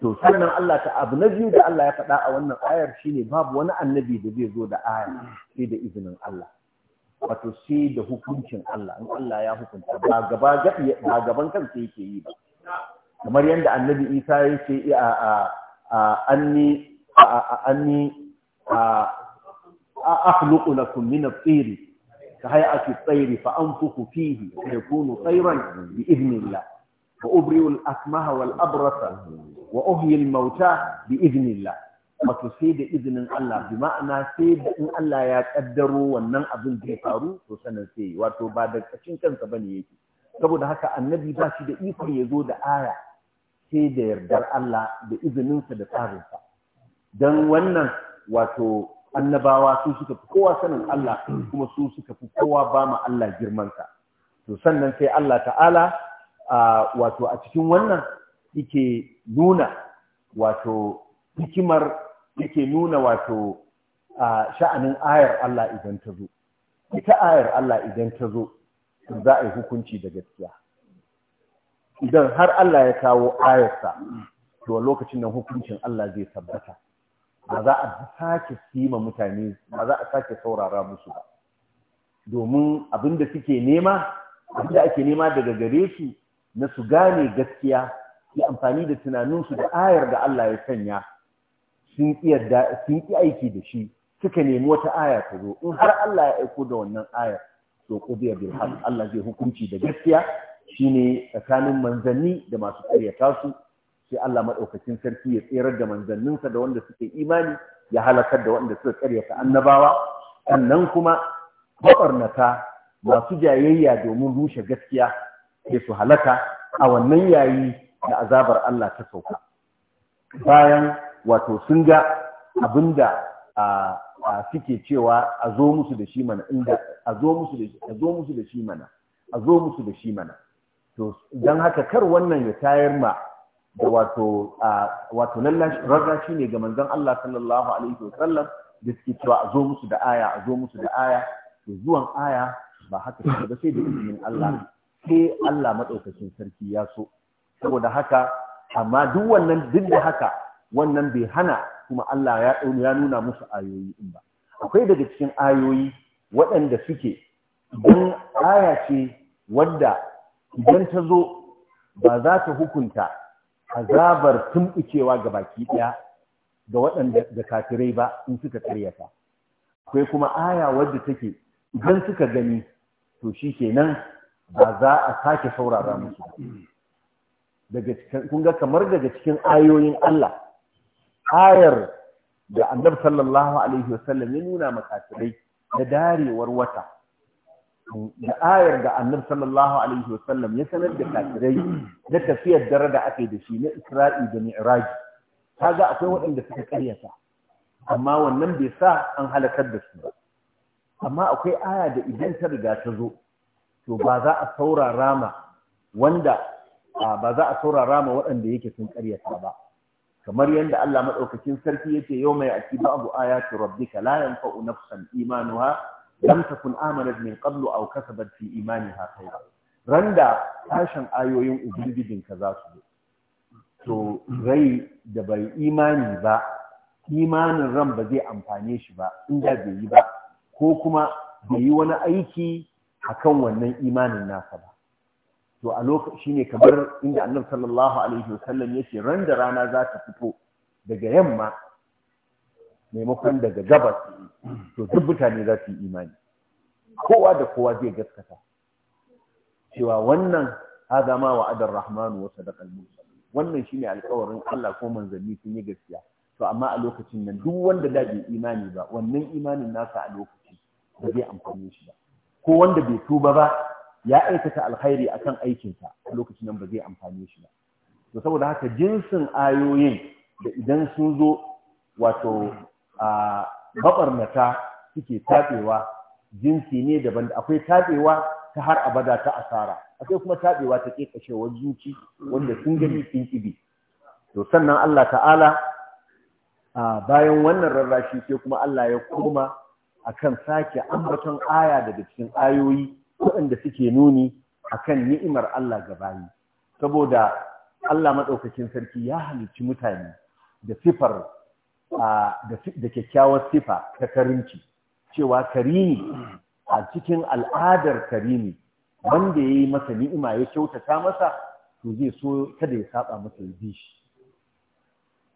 to sannan Allah ta abu na biyu da Allah ya faɗa a wannan ayar shine babu wani annabi da zai zo da aya sai da izinin Allah wato sai da hukuncin Allah in Allah ya hukunta ba gaba ba gaban kansa yake yi ba kamar yadda annabi Isa ya ce a a anni anni a akhluqu lakum min at-tayr ka hay'ati at-tayr fa anfukhu fihi yakunu tayran bi idnillah wa ubri'u al-akmaha wal abrasa wa uhyi al-mauta bi idnillah wato sai da izinin Allah bi ma'ana sai da in Allah ya kaddaro wannan abin zai faru to sanan sai wato ba da kacin kansa bane yake saboda haka annabi ba shi da iko ya zo da aya sai da yardar Allah da izininsa da tsarinsa dan wannan wato annabawa su suka fi kowa sanin Allah kuma su suka fi kowa ba ma Allah girmansa to sannan sai Allah ta'ala wato a cikin wannan yake nuna wato hikimar yake nuna wato sha'anin ayar Allah idan ta zo ita ayar Allah idan ta zo za a yi hukunci da gaskiya idan har Allah ya kawo ayarsa to lokacin nan hukuncin Allah zai tabbata ba za a sake sima mutane ba za a sake saurara musu ba domin abin da suke nema abin da ake nema daga gare su na su gane gaskiya yi amfani da tunaninsu da ayar da Allah ya sanya sun yarda sun yi aiki da shi suka nemi wata aya ta zo in har Allah ya aiko da wannan aya to qudiya bil haqq Allah zai hukunci da gaskiya shine tsakanin manzanni da masu karyata su sai Allah madaukakin sarki ya tserar da manzanninsa da wanda suke imani ya halakar da wanda suka karyata annabawa sannan kuma mabarnata masu jayayya domin rushe gaskiya sai su halaka a wannan yayi da azabar Allah ta sauka bayan wato sun ga abinda suke cewa a zo musu da shi mana inda a zo musu da shi mana a zo musu da shi mana to don haka kar wannan ya tayar ma da wato wato rarra shi ne ga manzon Allah sallallahu alaihi wasallam da suke cewa a zo musu da aya a zo musu da aya to zuwan aya ba haka take ba sai da izinin Allah sai Allah madaukakin sarki ya so saboda haka amma duk wannan duk da haka wannan bai hana kuma Allah ya ya nuna musu ayoyi din ba akwai daga cikin ayoyi waɗanda suke don aya ce wadda idan ta zo ba za ta hukunta azabar tumɓucewa ga baki ɗaya ga waɗanda da kafirai ba in suka karyata akwai kuma aya wadda take idan suka gani to shi kenan ba za a sake saurara musu daga kun ga kamar daga cikin ayoyin Allah ayar da annabi sallallahu alaihi wasallam ya nuna makafirai da darewar wata da ayar da annabi sallallahu alaihi wasallam ya sanar da kafirai da tafiyar dare da ake da shi na Isra'i da Mi'raj kaga akwai waɗanda suka karyata amma wannan bai sa an halakar da su ba amma akwai aya da idan ta riga ta zo to ba za a saurara ma wanda ba za a saurara ma waɗanda yake sun karyata ba kamar yadda Allah madaukakin sarki yace yawma ya'ti ba'du ayati ka layan fa'u, nafsan imanuha lam takun amanat min qablu aw kasabat fi imaniha khayra randa tashin ayoyin ubangijin ka za su to rai da bai imani ba imanin ran ba zai amfane shi ba in da bai yi ba ko kuma bai yi wani aiki akan wannan imanin nasa ba to a lokaci ne kamar inda annabi sallallahu alaihi wasallam yace ran da rana za ta fito daga yamma maimakon daga gabas to duk mutane za su yi imani kowa da kowa zai gaskata cewa wannan azama ma wa'adar rahmanu wa sadaqal musa wannan shine alƙawarin Allah ko manzanni sun yi gaskiya to amma a lokacin nan duk wanda da bai imani ba wannan imanin nasa a lokacin ba zai amfane shi ba ko wanda bai tuba ba ya aikata alkhairi akan aikinsa a lokacin nan ba zai amfani shi ba to saboda haka jinsin ayoyin da idan sun zo wato a nata suke tabewa jinsi ne daban da akwai tabewa ta har abada ta asara akwai kuma tabewa ta kekashewar zuci wanda sun gani sun kibi to sannan Allah ta'ala a bayan wannan rarrashi sai kuma Allah ya koma akan sake ambaton aya daga cikin ayoyi waɗanda suke nuni a kan ni'imar Allah ga bayi saboda Allah maɗaukakin sarki ya halicci mutane da sifar da kyakkyawar sifa ta karinci cewa karimi a cikin al'adar karimi wanda ya yi masa ni'ima ya kyautata masa to zai so kada ya saba masa ya bi shi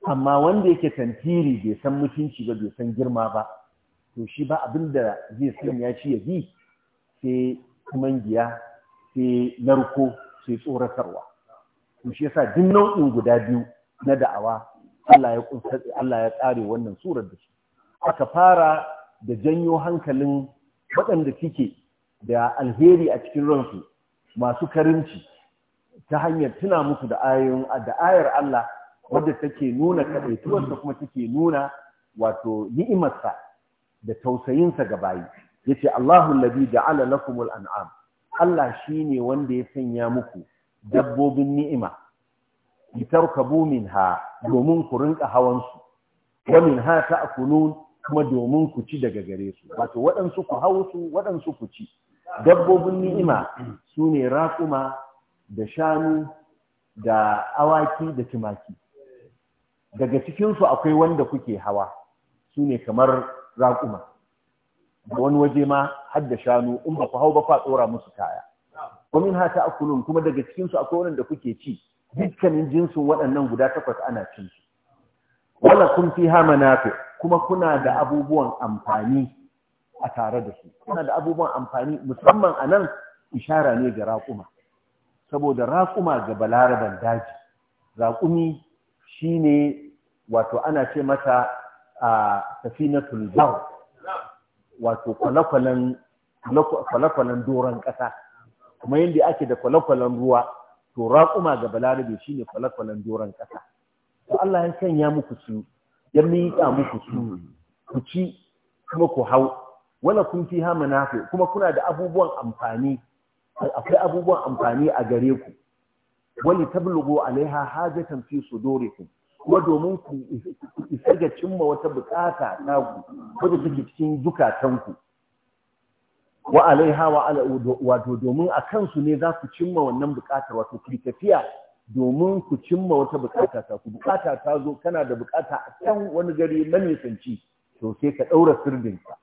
amma wanda yake tantiri bai san mutunci ba bai san girma ba to shi ba abin da zai sanya shi ya bi sai kamangiya sai narko sai tsoratarwa to shi yasa duk nau'in guda biyu na da'awa Allah ya kunsa Allah ya tsare wannan surar da shi aka fara da janyo hankalin waɗanda kike da alheri a cikin ransu masu karimci ta hanyar tuna musu da ayoyin da ayar Allah wadda take nuna kadaituwarsa kuma take nuna wato ni'imarsa da tausayinsa ga bayi yace Allahu allazi na lakumul an'am Allah shine wanda ya sanya muku dabbobin ni'ima litarkabu minha domin ku rinka hawan su ta a ta'kulun kuma domin ku ci daga gare su wato waɗansu ku hawo su waɗansu ku ci dabbobin ni'ima su ne raƙuma da shanu da awaki da tumaki daga cikinsu akwai wanda kuke hawa su ne kamar raƙuma da wani waje ma har da shanu in ba ku hau ba ku tsora musu kaya ko min ta akulun kuma daga cikin su akwai wanda kuke ci dukkanin jinsin waɗannan guda takwas ana cin su wala kun fiha manafi kuma kuna da abubuwan amfani a tare da su kuna da abubuwan amfani musamman a nan ishara ne ga raƙuma saboda raƙuma ga balaraban daji raƙumi shine wato ana ce mata a safinatul bahr wato kwale-kwalen doron ƙasa kuma yadda ake da kwale-kwalen ruwa to raƙuma ga balarabe shine kwale-kwalen doron ƙasa to Allah ya sanya muku su ya miƙa muku su ku ci kuma ku hau wala kun fi ha manafi kuma kuna da abubuwan amfani akwai abubuwan amfani a gare ku wali tablughu alaiha hajatan fi sudurikum kuma domin ku isa ga cimma wata bukata ku wadda take cikin zukatanku wa alaiha wa wato domin a kansu ne za ku cimma wannan bukata wato ku tafiya domin ku cimma wata bukata ta ku bukata ta zo kana da bukata a can wani gari nisanci to sai ka ɗaura sirdinka ka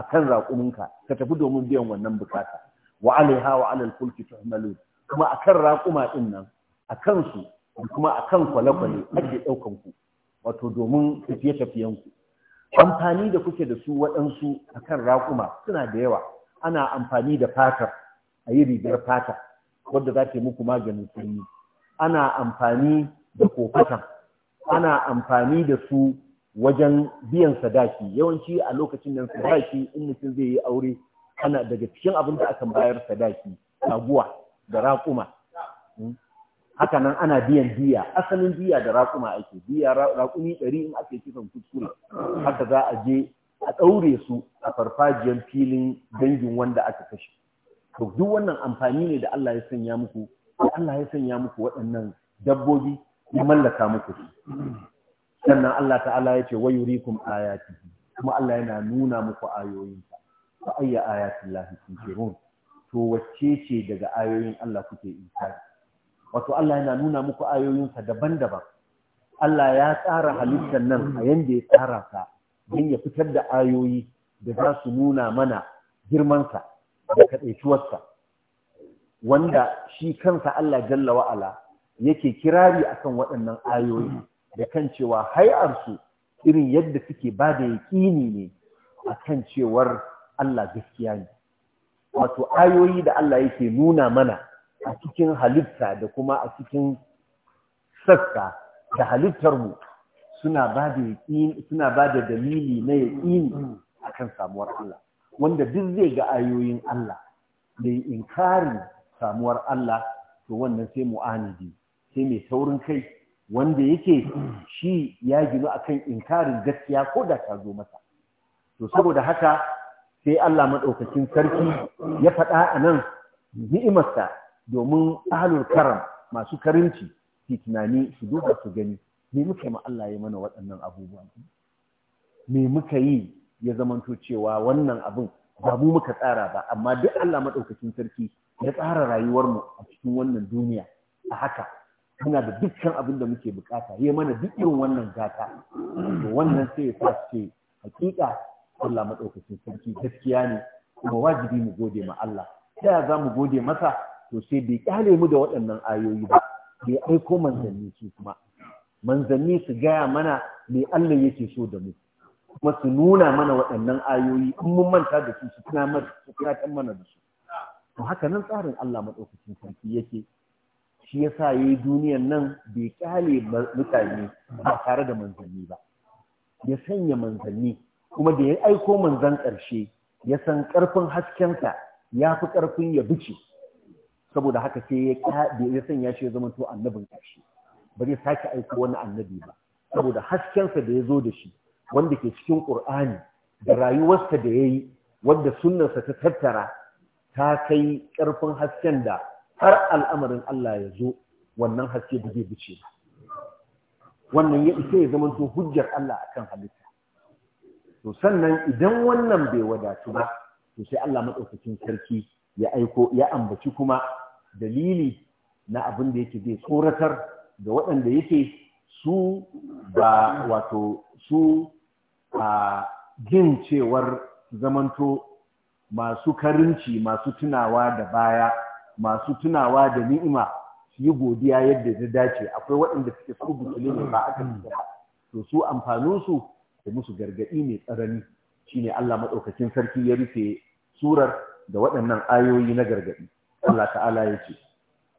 akan raƙuminka ka tafi domin biyan wannan bukata wa alaiha wa alal alfulki tuhmalu kuma akan raƙuma din nan a kansu kuma a kan kwale-kwale ake ɗaukanku wato domin tafiye tafiyenku amfani da kuke da su waɗansu a kan raƙuma suna da yawa ana amfani da fatar a yi rigar fata wadda za ta yi muku maganin sanyi ana amfani da kofata, ana amfani da su wajen biyan sadaki yawanci a lokacin nan sadaki in mutum zai yi aure ana daga cikin abin da akan bayar sadaki taguwa da raƙuma haka nan ana biyan biya asalin biya da raƙuma ake biya raƙumi ɗari in ake kisan kuskure haka za a je a ɗaure su a farfajiyar filin dangin wanda aka kashe to duk wannan amfani ne da Allah ya sanya muku Allah ya sanya muku waɗannan dabbobi ya mallaka muku su sannan Allah ta'ala ya ce wa yurikum ayati kuma Allah yana nuna muku ayoyin sa fa ayya llahi tunzirun to wacce ce daga ayoyin Allah kuke inkari wato Allah yana nuna muku ayoyinsa daban-daban Allah ya tsara halittar nan a yanda ya tsara sa, don ya fitar da ayoyi da za su nuna mana girmansa da kaɗaituwarsa wanda shi kansa Allah jalla wa'ala yake kirari akan waɗannan ayoyi da kan cewa hayarsu irin yadda suke ba da yaƙini ne a kan cewar Allah gaskiya ne wato ayoyi da Allah yake nuna mana a cikin halitta da kuma a cikin sassa da halittarmu suna ba da suna ba da dalili na yaƙini akan samuwar Allah wanda duk zai ga ayoyin Allah da inkarin samuwar Allah to wannan sai mu'anidi sai mai saurin kai wanda yake shi ya ginu akan inkarin gaskiya ko da ta zo masa to saboda haka sai Allah maɗaukacin sarki ya faɗa a nan ni'imarsa domin ahalul karam masu karinci su tunani su duba su gani me muka yi Allah ya mana waɗannan abubuwa me muka yi ya zamanto cewa wannan abin ba mu muka tsara ba amma duk Allah maɗaukacin sarki ya tsara rayuwarmu a cikin wannan duniya a haka muna da dukkan abin da muke bukata ya mana duk irin wannan gata to wannan sai ya sa ce hakika Allah maɗaukacin sarki gaskiya ne kuma wajibi mu gode ma Allah ta za mu gode masa to sai bai kyale mu da waɗannan ayoyi ba bai aiko manzanni su kuma manzanni su gaya mana me Allah yake so da mu kuma su nuna mana waɗannan ayoyi in mun manta da su su tuna mana su mana da su to haka nan tsarin Allah madaukakin sarki yake shi yasa yayi duniyan nan bai kyale mutane ba tare da manzanni ba ya sanya manzanni kuma da ya aiko manzan ƙarshe ya san ƙarfin haskensa ya fi ƙarfin ya bice saboda haka sai ya kaɗe ya sanya shi ya zamanto annabin ƙarshe ba zai sake aiko wani annabi ba saboda haskensa da ya zo da shi wanda ke cikin ƙur'ani da rayuwarsa da ya yi wadda sunnarsa ta tattara ta kai ƙarfin hasken da har al'amarin Allah ya zo wannan haske da zai bice ba wannan ya isa ya zamanto hujjar Allah akan halitta to sannan idan wannan bai wadatu ba to sai Allah madaukakin sarki ya aiko ya ambaci kuma dalili na abin da yake zai tsoratar da waɗanda yake su ba wato su a jin cewar zamanto masu karinci masu tunawa da baya masu tunawa da ni'ima su yi godiya yadda ta dace akwai waɗanda suke su butuli ne ba aka ba to su amfaninsu da musu gargaɗi mai tsarani shine Allah maɗaukakin sarki ya rufe surar da waɗannan ayoyi na gargaɗi Allah ta'ala ya ce,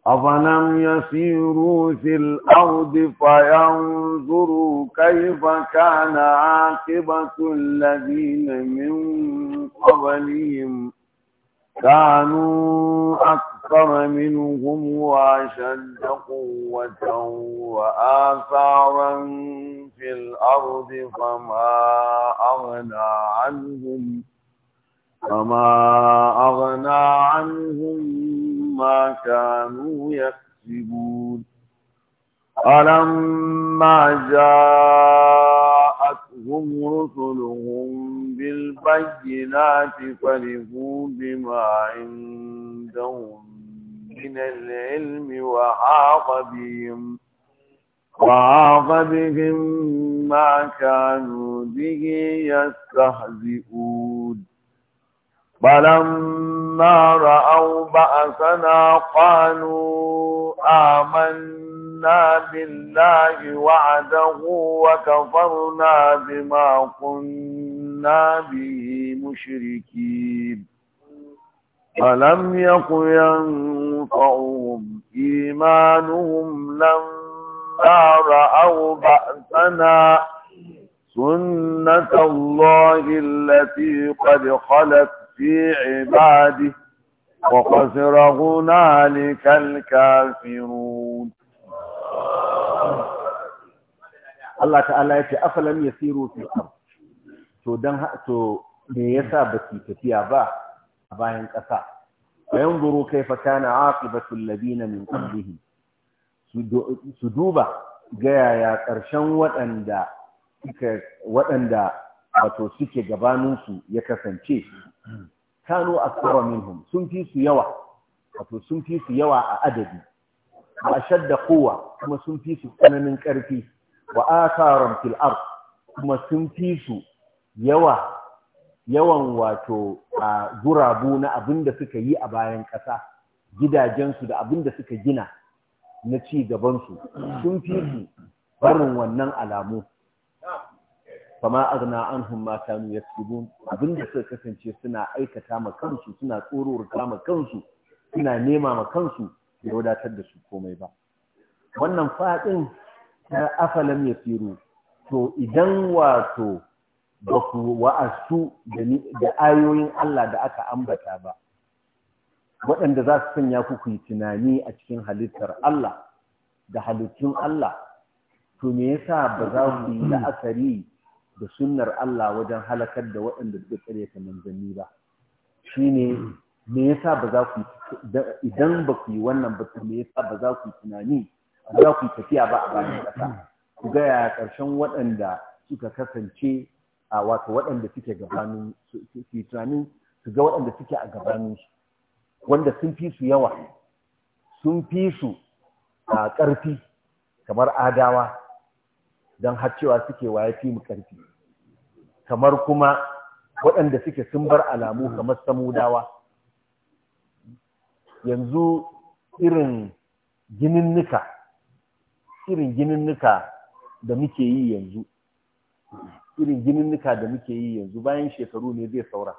Afanam ya siru fil audi fayan zuru ake batun lalina min kwabalihim ganu akara min gumuwa shadda kowatan wa a tsaron fil audi fama a wana فما أغنى عنهم ما كانوا يكسبون ألما جاءتهم رسلهم بالبينات فرحوا بما عندهم من العلم وحاق بهم وحاق بهم ما كانوا به يستهزئون فلما رأوا بأسنا قالوا آمنا بالله وعده وكفرنا بما كنا به مشركين فلم يق ينفعهم إيمانهم لما رأوا بأسنا سنة الله التي قد خلت في عباده وخسر هنالك الكافرون Allah ta'ala ya ce afalam ya fil ard to dan to me yasa baki tafiya ba a bayan ƙasa yanzuru kaifa kana aqibatu alladhina min qablihim su duba ga yaya ƙarshen waɗanda waɗanda wato suke gabaninsu ya kasance kanu akthara minhum sun fi su yawa wato sun fi su yawa a adadi wa shadda kuma sun fi su tsananin ƙarfi. wa atharun fil kuma sun fi su yawa yawan wato a gurabu na abin da suka yi a bayan ƙasa gidajensu da abin da suka gina na ci gabansu sun fi su barin wannan alamu fama azna anhum ma kanu abin abinda suka kasance suna aikata ma kansu suna tsororta ma kansu suna nema ma kansu da wadatar da su komai ba wannan faɗin ta afalam yasiru to idan wato ba ku wa'asu da ayoyin Allah da aka ambata ba waɗanda za su sanya ku ku yi tunani a cikin halittar Allah da halittun Allah to me yasa ba za ku yi la'asari da sunnar Allah wajen halakar da waɗanda suka tsare ta manzanni ba Shi ne, me yasa ba za ku idan ba ku yi wannan ba me yasa ba za ku tunani ba za ku tafiya ba a bayan ƙasa ku ga ya ƙarshen waɗanda suka kasance a wato waɗanda suke gabanin su tunanin su ga waɗanda suke a gabanin su wanda sun fi su yawa sun fi su a ƙarfi kamar adawa don har cewa suke waya fi mu ƙarfi kamar kuma waɗanda suke sun bar alamu kamar samudawa yanzu irin gininnika irin gininnika da muke yi yanzu irin gininnika da muke yi yanzu bayan shekaru ne zai saura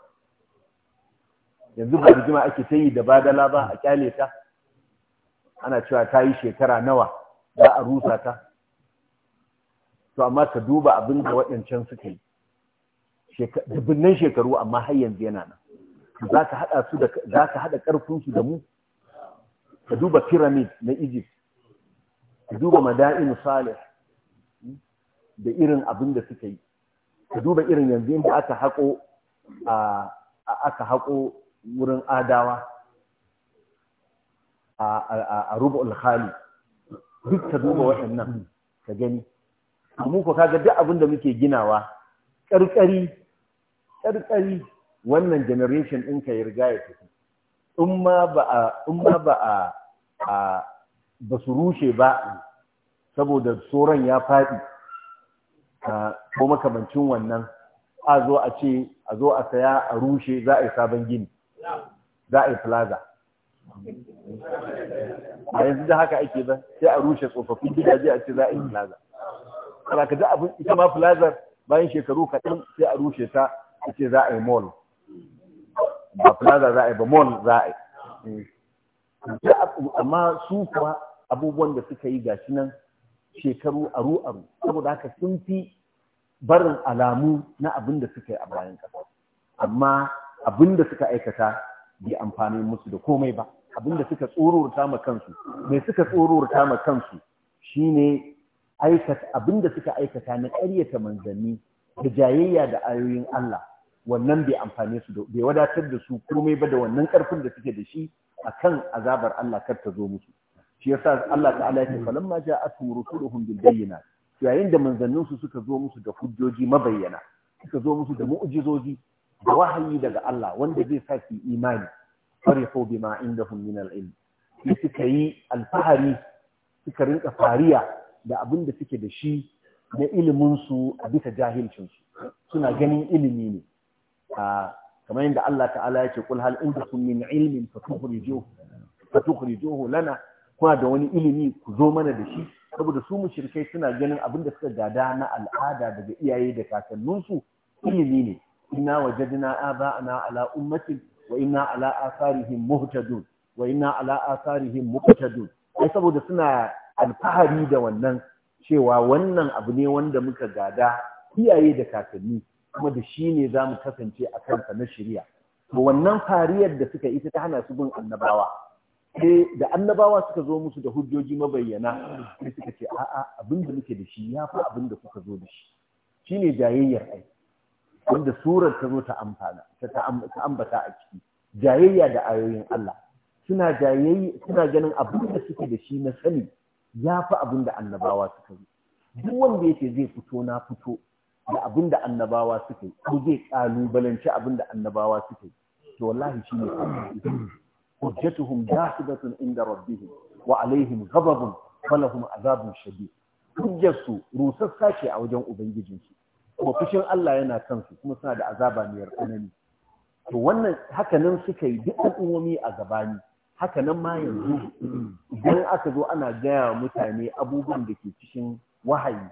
yanzu ba rigima ake ta yi da badala ba a kyale ta ana cewa ta yi shekara nawa za a rusa ta to amma ka duba abin da waɗancan suka yi dubunnan shekaru amma har yanzu yana nan za ka haɗa da za ka haɗa ƙarfinsu da mu ka duba pyramid na egypt ka duba mada'in salih hmm, da irin abin da suka yi ka duba irin yanzu inda aka haƙo aka haƙo wurin adawa a al khali duk ka duba waɗannan ka gani mu ko kaga duk abin da muke ginawa ƙarƙari ƙarƙari wannan generation ɗinka ya riga ya tafi in ma ba a in ma ba a ba su rushe ba saboda tsoron ya faɗi ko makamancin wannan a zo a ce a zo a saya a rushe za a yi sabon gini za a yi plaza a yanzu da haka ake ba sai a rushe tsofaffin gidaje a ce za a yi plaza ka ji abin ita ma plaza bayan shekaru kaɗan sai a rushe ta a ce za a yi mall ba plaza za a yi ba mall za a yi eh. amma su kuwa abubuwan da suka yi gashi nan shekaru aru aru saboda haka sun fi barin alamu na abin da suka yi a bayan ƙasa amma abin da suka aikata bai amfani musu da komai ba abin da suka tsororta ma kansu mai suka tsororta ma kansu shine aikata abin da suka aikata na ƙaryata manzanni da jayayya da ayoyin Allah wannan bai amfane su bai wadatar da su komai ba da wannan karfin da suke da shi akan azabar Allah kar ta zo musu shi yasa Allah ta'ala ya ce mm. falamma ja'atuhum rusuluhum bil bayyinat yayin da manzannin su suka zo musu da hujjoji mabayyana suka zo musu da mu'jizoji da wahayi daga Allah wanda zai sa su imani farihu bima indahum min al-ilm suka yi alfahari suka rinka fariya da abin da suke da shi na iliminsu a bisa jahilcinsu suna ganin ilimi ne kamar yadda Allah ta'ala yake kul hal indakum min ilmin fa tukhrijuhu lana kuna da wani ilimi ku zo mana da shi saboda su mushrikai suna ganin abin da suka gada na al'ada daga iyaye da kakanninsu ilimi ne inna wajadna aba'ana ala ummatin wa inna ala asarihim muhtadun wa inna ala asarihim muqtadun ai saboda suna alfahari da wannan cewa wannan abu ne wanda muka gada iyaye da kakanni kuma da shi ne za mu kasance a kansa na shirya to wannan fariyar da suka ita ta hana su bin annabawa sai eh, da annabawa suka zo musu da hujjoji mabayyana sai suka ce a'a abin da muke da shi ya fi abin da kuka zo da shi Shi ne jayayyar ai wanda surar ta zo ta amfana ta ambata a ciki jayayya da ayoyin Allah suna suna ganin abin da suke da shi na sani ya fi abin da annabawa suka zo. duk wanda yake zai fito na fito da abin da annabawa suka yi ko zai kalubalanci abin da annabawa suka yi to wallahi shi ne hujjatuhum jasibatun inda rabbihim wa alaihim ghadabun falahum azabun shadid hujjarsu rusassa ce a wajen ubangijinsu kuma fushin Allah yana kan su kuma suna da azaba mai tsanani to wannan hakanan suka yi duk al'ummomi a gabani hakanan ma yanzu idan aka zo ana gaya mutane abubuwan da ke cikin wahayi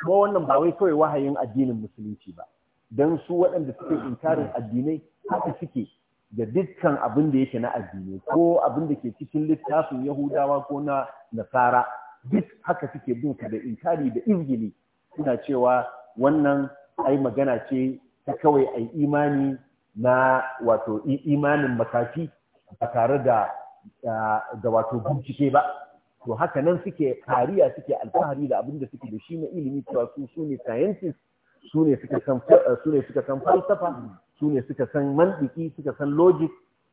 kuma wannan ba wai kawai wahayin addinin musulunci ba don su waɗanda suke inkarin addinai haka suke da dukkan abin da yake na addinai. ko abin da ke cikin littafin yahudawa ko na nasara duk haka suke bin ka da inkari da izgili suna cewa wannan ai magana ce ta kawai ai imani na wato imanin makafi ba tare da da wato bincike ba to haka nan suke kariya suke alfahari da abin da suke da shi na ilimi cewa su su ne scientist su ne suka san su ne suka san falsafa su ne suka san mantiki suka san logic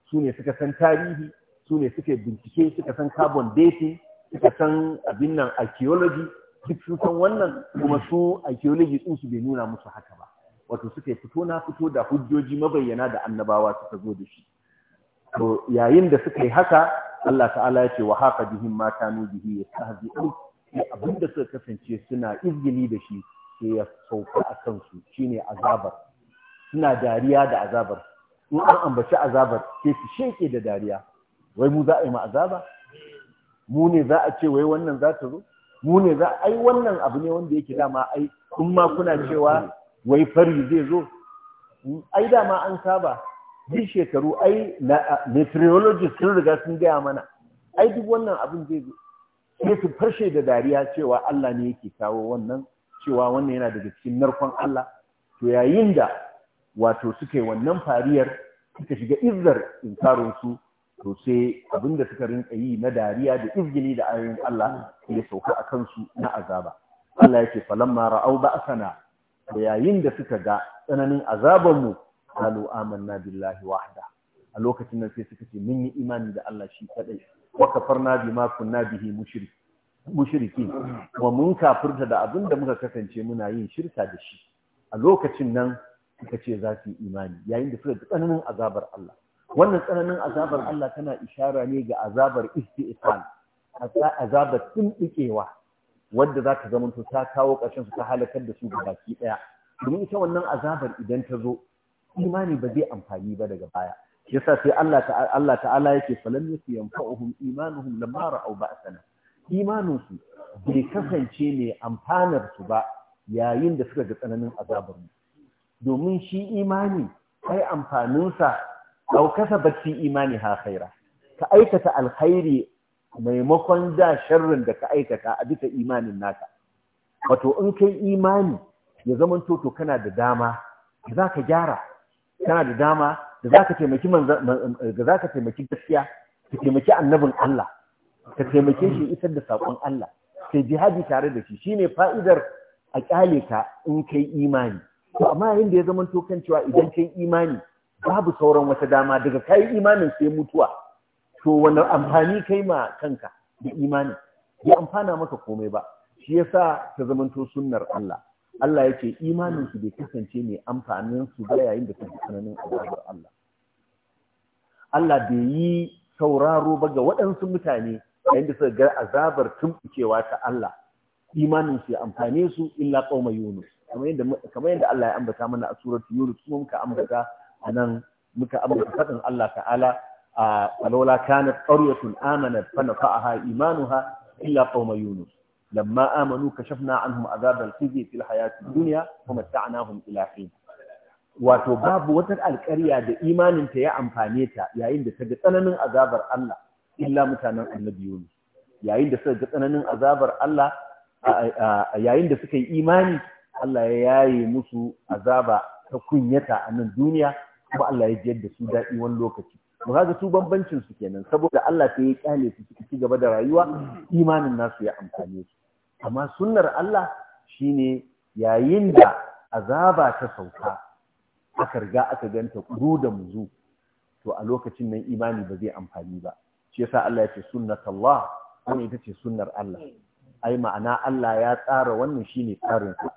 su ne suka san tarihi su ne suke bincike suka san carbon dating suka san abin nan archaeology duk su san wannan kuma su archaeology din su bai nuna musu haka ba wato suka fito na fito da hujjoji mabayyana da annabawa suka zo da shi to yayin da suka yi haka Allah ta'ala ya ce wa haka bihim ma kanu bihi yastahzi'un abin da suka kasance suna izgili da shi sai ya sauka a kansu shine azabar suna dariya da azabar in an ambaci azabar sai su sheke da dariya wai mu za a yi ma azaba mu ne za a ce wai wannan za ta zo mu ne za ai wannan abu ne wanda yake dama ai kun kuna cewa wai fari zai zo ai dama an saba duk shekaru ai meteorologist sun riga sun gaya mana ai duk wannan abin zai zo sai su farshe da dariya cewa Allah ne yake kawo wannan cewa wannan yana daga cikin narkon Allah to yayin da wato suka yi wannan fariyar suka shiga izzar inkarin su to sai abin da suka rinka yi na dariya da izgili da ayoyin Allah ya sauka a kansu na azaba Allah yake falamma ra'au ba'sana da yayin da suka ga tsananin azabanmu qalu amanna a lokacin nan sai suka ce mun yi imani da Allah shi kadai wa kafarna bima kunna bihi kuma mun kafirta da abin da muka kasance muna yin shirka da shi a lokacin nan suka ce za su yi imani yayin da suka tsananin azabar Allah wannan tsananin azabar Allah tana ishara ne ga azabar isti'fal azabar tindikewa wanda za ta zama ta kawo ƙarshen su ta halakar da su ga baki daya domin ita wannan azabar idan ta zo imani ba zai amfani ba daga baya yasa sai Allah ta'ala Allah ta'ala yake falan yasu yanfa'uhum imanuhum lamma ra'u ba'sana imanin su bai kasance mai amfanar su ba yayin da suka ga tsananin azabar mu domin shi imani kai amfanin sa daukasa imani ha khaira ka aikata alkhairi maimakon da sharrin da ka aikata a bisa imanin naka wato in kai imani ya zamanto to kana da dama za ka gyara kana da dama da za ka taimaki gaskiya ka taimaki annabin Allah ka taimake shi isar da saƙon Allah ka jihadi tare da shi shine fa'idar a kyale ka in kai imani to amma yayin da ya zama to kan cewa idan kai imani babu sauran wata dama daga kai imanin sai mutuwa to wani amfani kai ma kanka da imani bai amfana maka komai ba shi yasa ta zama to sunnar Allah Allah yake ce imaninsu bai kasance mai amfanin su ba yayin da suke tsananin azabar Allah Allah bai yi sauraro ba ga waɗansu mutane yayin da suka ga azabar tumbucewa ta Allah imanin su ya amfane su illa qauma yunus kamar yadda Allah ya ambata mana a suratu yunus kuma muka ambata nan, muka ambata faɗin Allah ta'ala a walaula kanat qaryatun amanat fa nafa'aha imanuha illa qauma yunus lamma amanu kashafna anhum azabar al-khizy fil hayati dunya wa mata'nahum ila wato babu wata alƙarya da imanin ta ya amfane ta yayin da ta ga tsananin azabar Allah illa mutanen annabi Yunus yayin da suka ga tsananin azabar Allah yayin da suka yi imani Allah ya yaye musu azaba ta kunyata a nan duniya kuma Allah ya jiyar da su daɗi wani lokaci to kaga su bambancin su kenan saboda Allah sai ya kyale su suka ci gaba da rayuwa imanin nasu ya amfane su amma sunnar Allah shine yayin da azaba ta sauka aka riga aka ganta kuru da muzu to a lokacin nan imani ba zai amfani ba shi yasa Allah ya ce Allah? wannan ita ce sunnar Allah ai ma'ana Allah ya tsara wannan shine tsarin ku.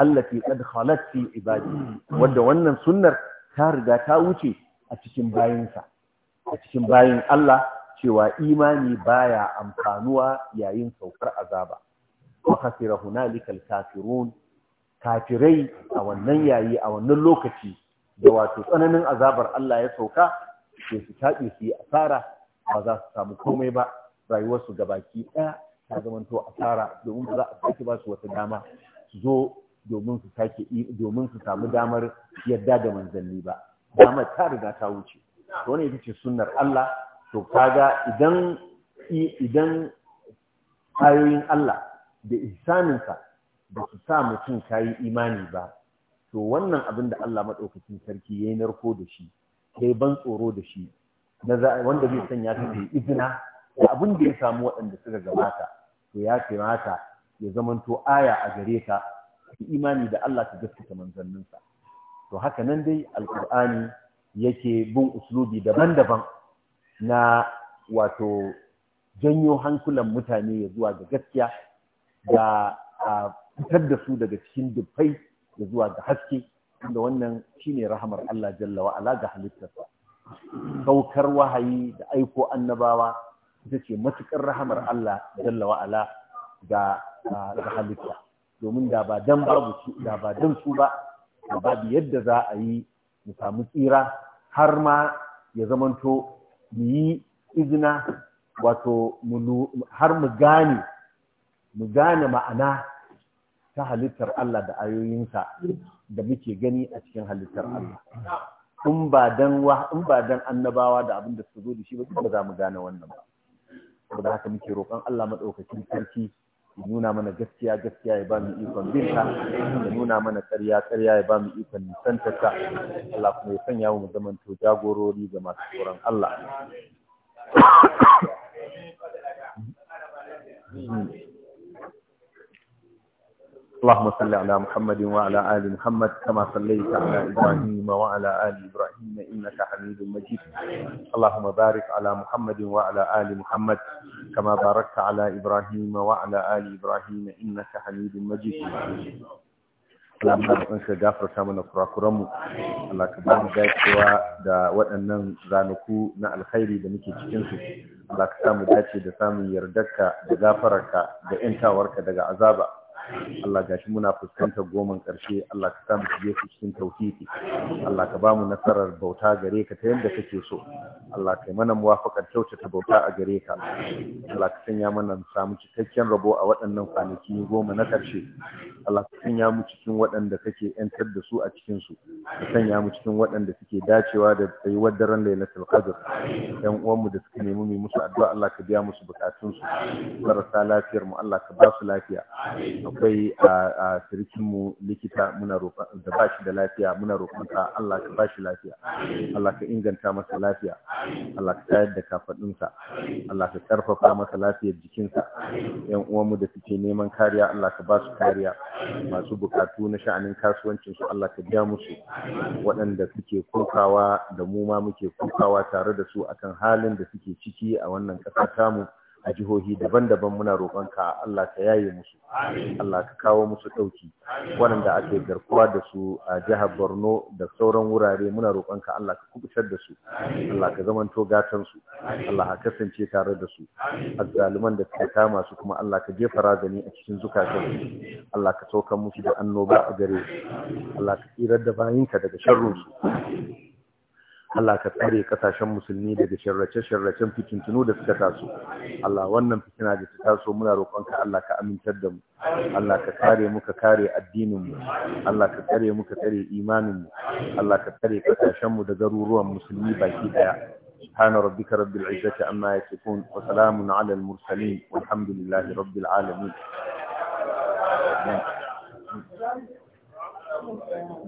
Allah qad khalat fi ibadi wanda wannan sunnar ta riga ta wuce a cikin bayansa. a cikin bayan Allah cewa imani baya amfanuwa yayin saukar azaba wa khasira hunalika al kafirai a wannan yayi a wannan lokaci da wato tsananin azabar Allah ya sauka ke su taɓe su yi asara ba za su samu komai ba Rayuwar rayuwarsu gabaki ɗaya ta zamanto asara domin ba za a sake ba su wata dama su zo domin su sake domin su samu damar yadda da manzanni ba dama ta riga ta wuce to wannan yake sunnar Allah to kaga idan idan ayoyin Allah da ihsaninsa ba su sa mutum yi imani ba to wannan abin da Allah maɗaukacin sarki ya yi narko da shi ya yi ban tsoro da shi wanda zai sanya ya da izina da abin da ya samu waɗanda suka gabata to ya ce mata ya zamanto aya a gare ka ki imani da Allah ta gaskata manzanninsa to haka nan dai alkur'ani yake bin uslubi daban-daban na wato janyo hankulan mutane ya zuwa ga gaskiya da fitar da su daga cikin dubbai da zuwa ga haske inda wannan shine rahamar Allah jalla wa ala ga halittarsa saukar wahayi da aiko annabawa ita ce matukar rahamar Allah jalla wa ala ga halitta domin da ba dan babu su da ba dan su ba babu yadda za a yi mu samu tsira har ma ya zamanto mu yi izina wato har mu gane mu gane ma'ana ta halittar Allah da ayoyinsa da muke gani a cikin halittar Allah in ba dan annabawa da abin da su zo da shi ba ba za mu gane wannan ba saboda haka muke roƙon Allah maɗaukacin sarki ya nuna mana gaskiya gaskiya ya ba mu ikon ta ya nuna mana ƙarya ƙarya ya ba mu ikon nisantarta Allah kuma ya sanya mu zaman to jagorori ga masu tsoron Allah اللهم صل على محمد وعلى آل محمد كما صليت على إبراهيم وعلى آل إبراهيم إنك حميد مجيد اللهم بارك على محمد وعلى آل محمد كما باركت على إبراهيم وعلى آل إبراهيم إنك حميد مجيد Allah ka ɗanka gafarta mana kurakuranmu, Allah ka ba mu dacewa da waɗannan ranaku na alkhairi da muke cikinsu, Allah ka samu dace da samun yardarka da gafararka da ‘yantawarka daga azaba. Allah gashi muna fuskantar goman ƙarshe Allah ka samu shige su cikin tauhidi Allah ka bamu nasarar bauta gare ka ta yadda kake so Allah kai mana muwafaqar kyautata bauta a gare ka Allah ka sanya mana mu samu cikakken rabo a waɗannan kwanaki goma na ƙarshe Allah ka sanya mu cikin waɗanda kake yantar da su a cikin su ka sanya mu cikin waɗanda suke dacewa da tsayuwar daren Lailatul Qadr uwan mu da suka nemi mu musu addu'a Allah ka biya musu bukatunsu marasa lafiyar mu Allah ka ba su lafiya kai a sirikinmu likita muna roƙon da ba da lafiya muna roƙon ka Allah ka ba lafiya Allah ka inganta masa lafiya Allah ka tayar da sa. Allah ka karfafa masa lafiyar jikinsa yan uwanmu da suke neman kariya Allah ka ba su kariya masu bukatu na sha'anin kasuwancin su Allah ka biya musu waɗanda suke kokawa da mu ma muke kokawa tare da su akan halin da suke ciki a wannan ƙasa tamu a jihohi daban-daban muna roƙonka Allah ka yaye musu Allah ka kawo musu ɗauki waɗanda ake garkuwa da su a jihar Borno da sauran wurare muna ka Allah ka kubutar da su Allah ka zamanto gatan su Allah ka kasance tare da su azzaluman da suka kama su kuma Allah ka jefa razani a cikin zukatan su Allah ka sauka musu da annoba a gare su Allah ka tsirar da bayinka daga sharrin su Allah ka tsare kasashen musulmi daga sharrace-sharracen fitintunu da suka taso Allah wannan fitina da ta taso muna roƙonka Allah ka amintar da mu Allah ka kare mu ka kare addinin mu Allah ka tsare mu ka tsare imanin mu Allah ka tsare kasashen mu da garuruwan musulmi baki daya سبحان ربك رب العزة عما يصفون وسلام على المرسلين والحمد لله رب العالمين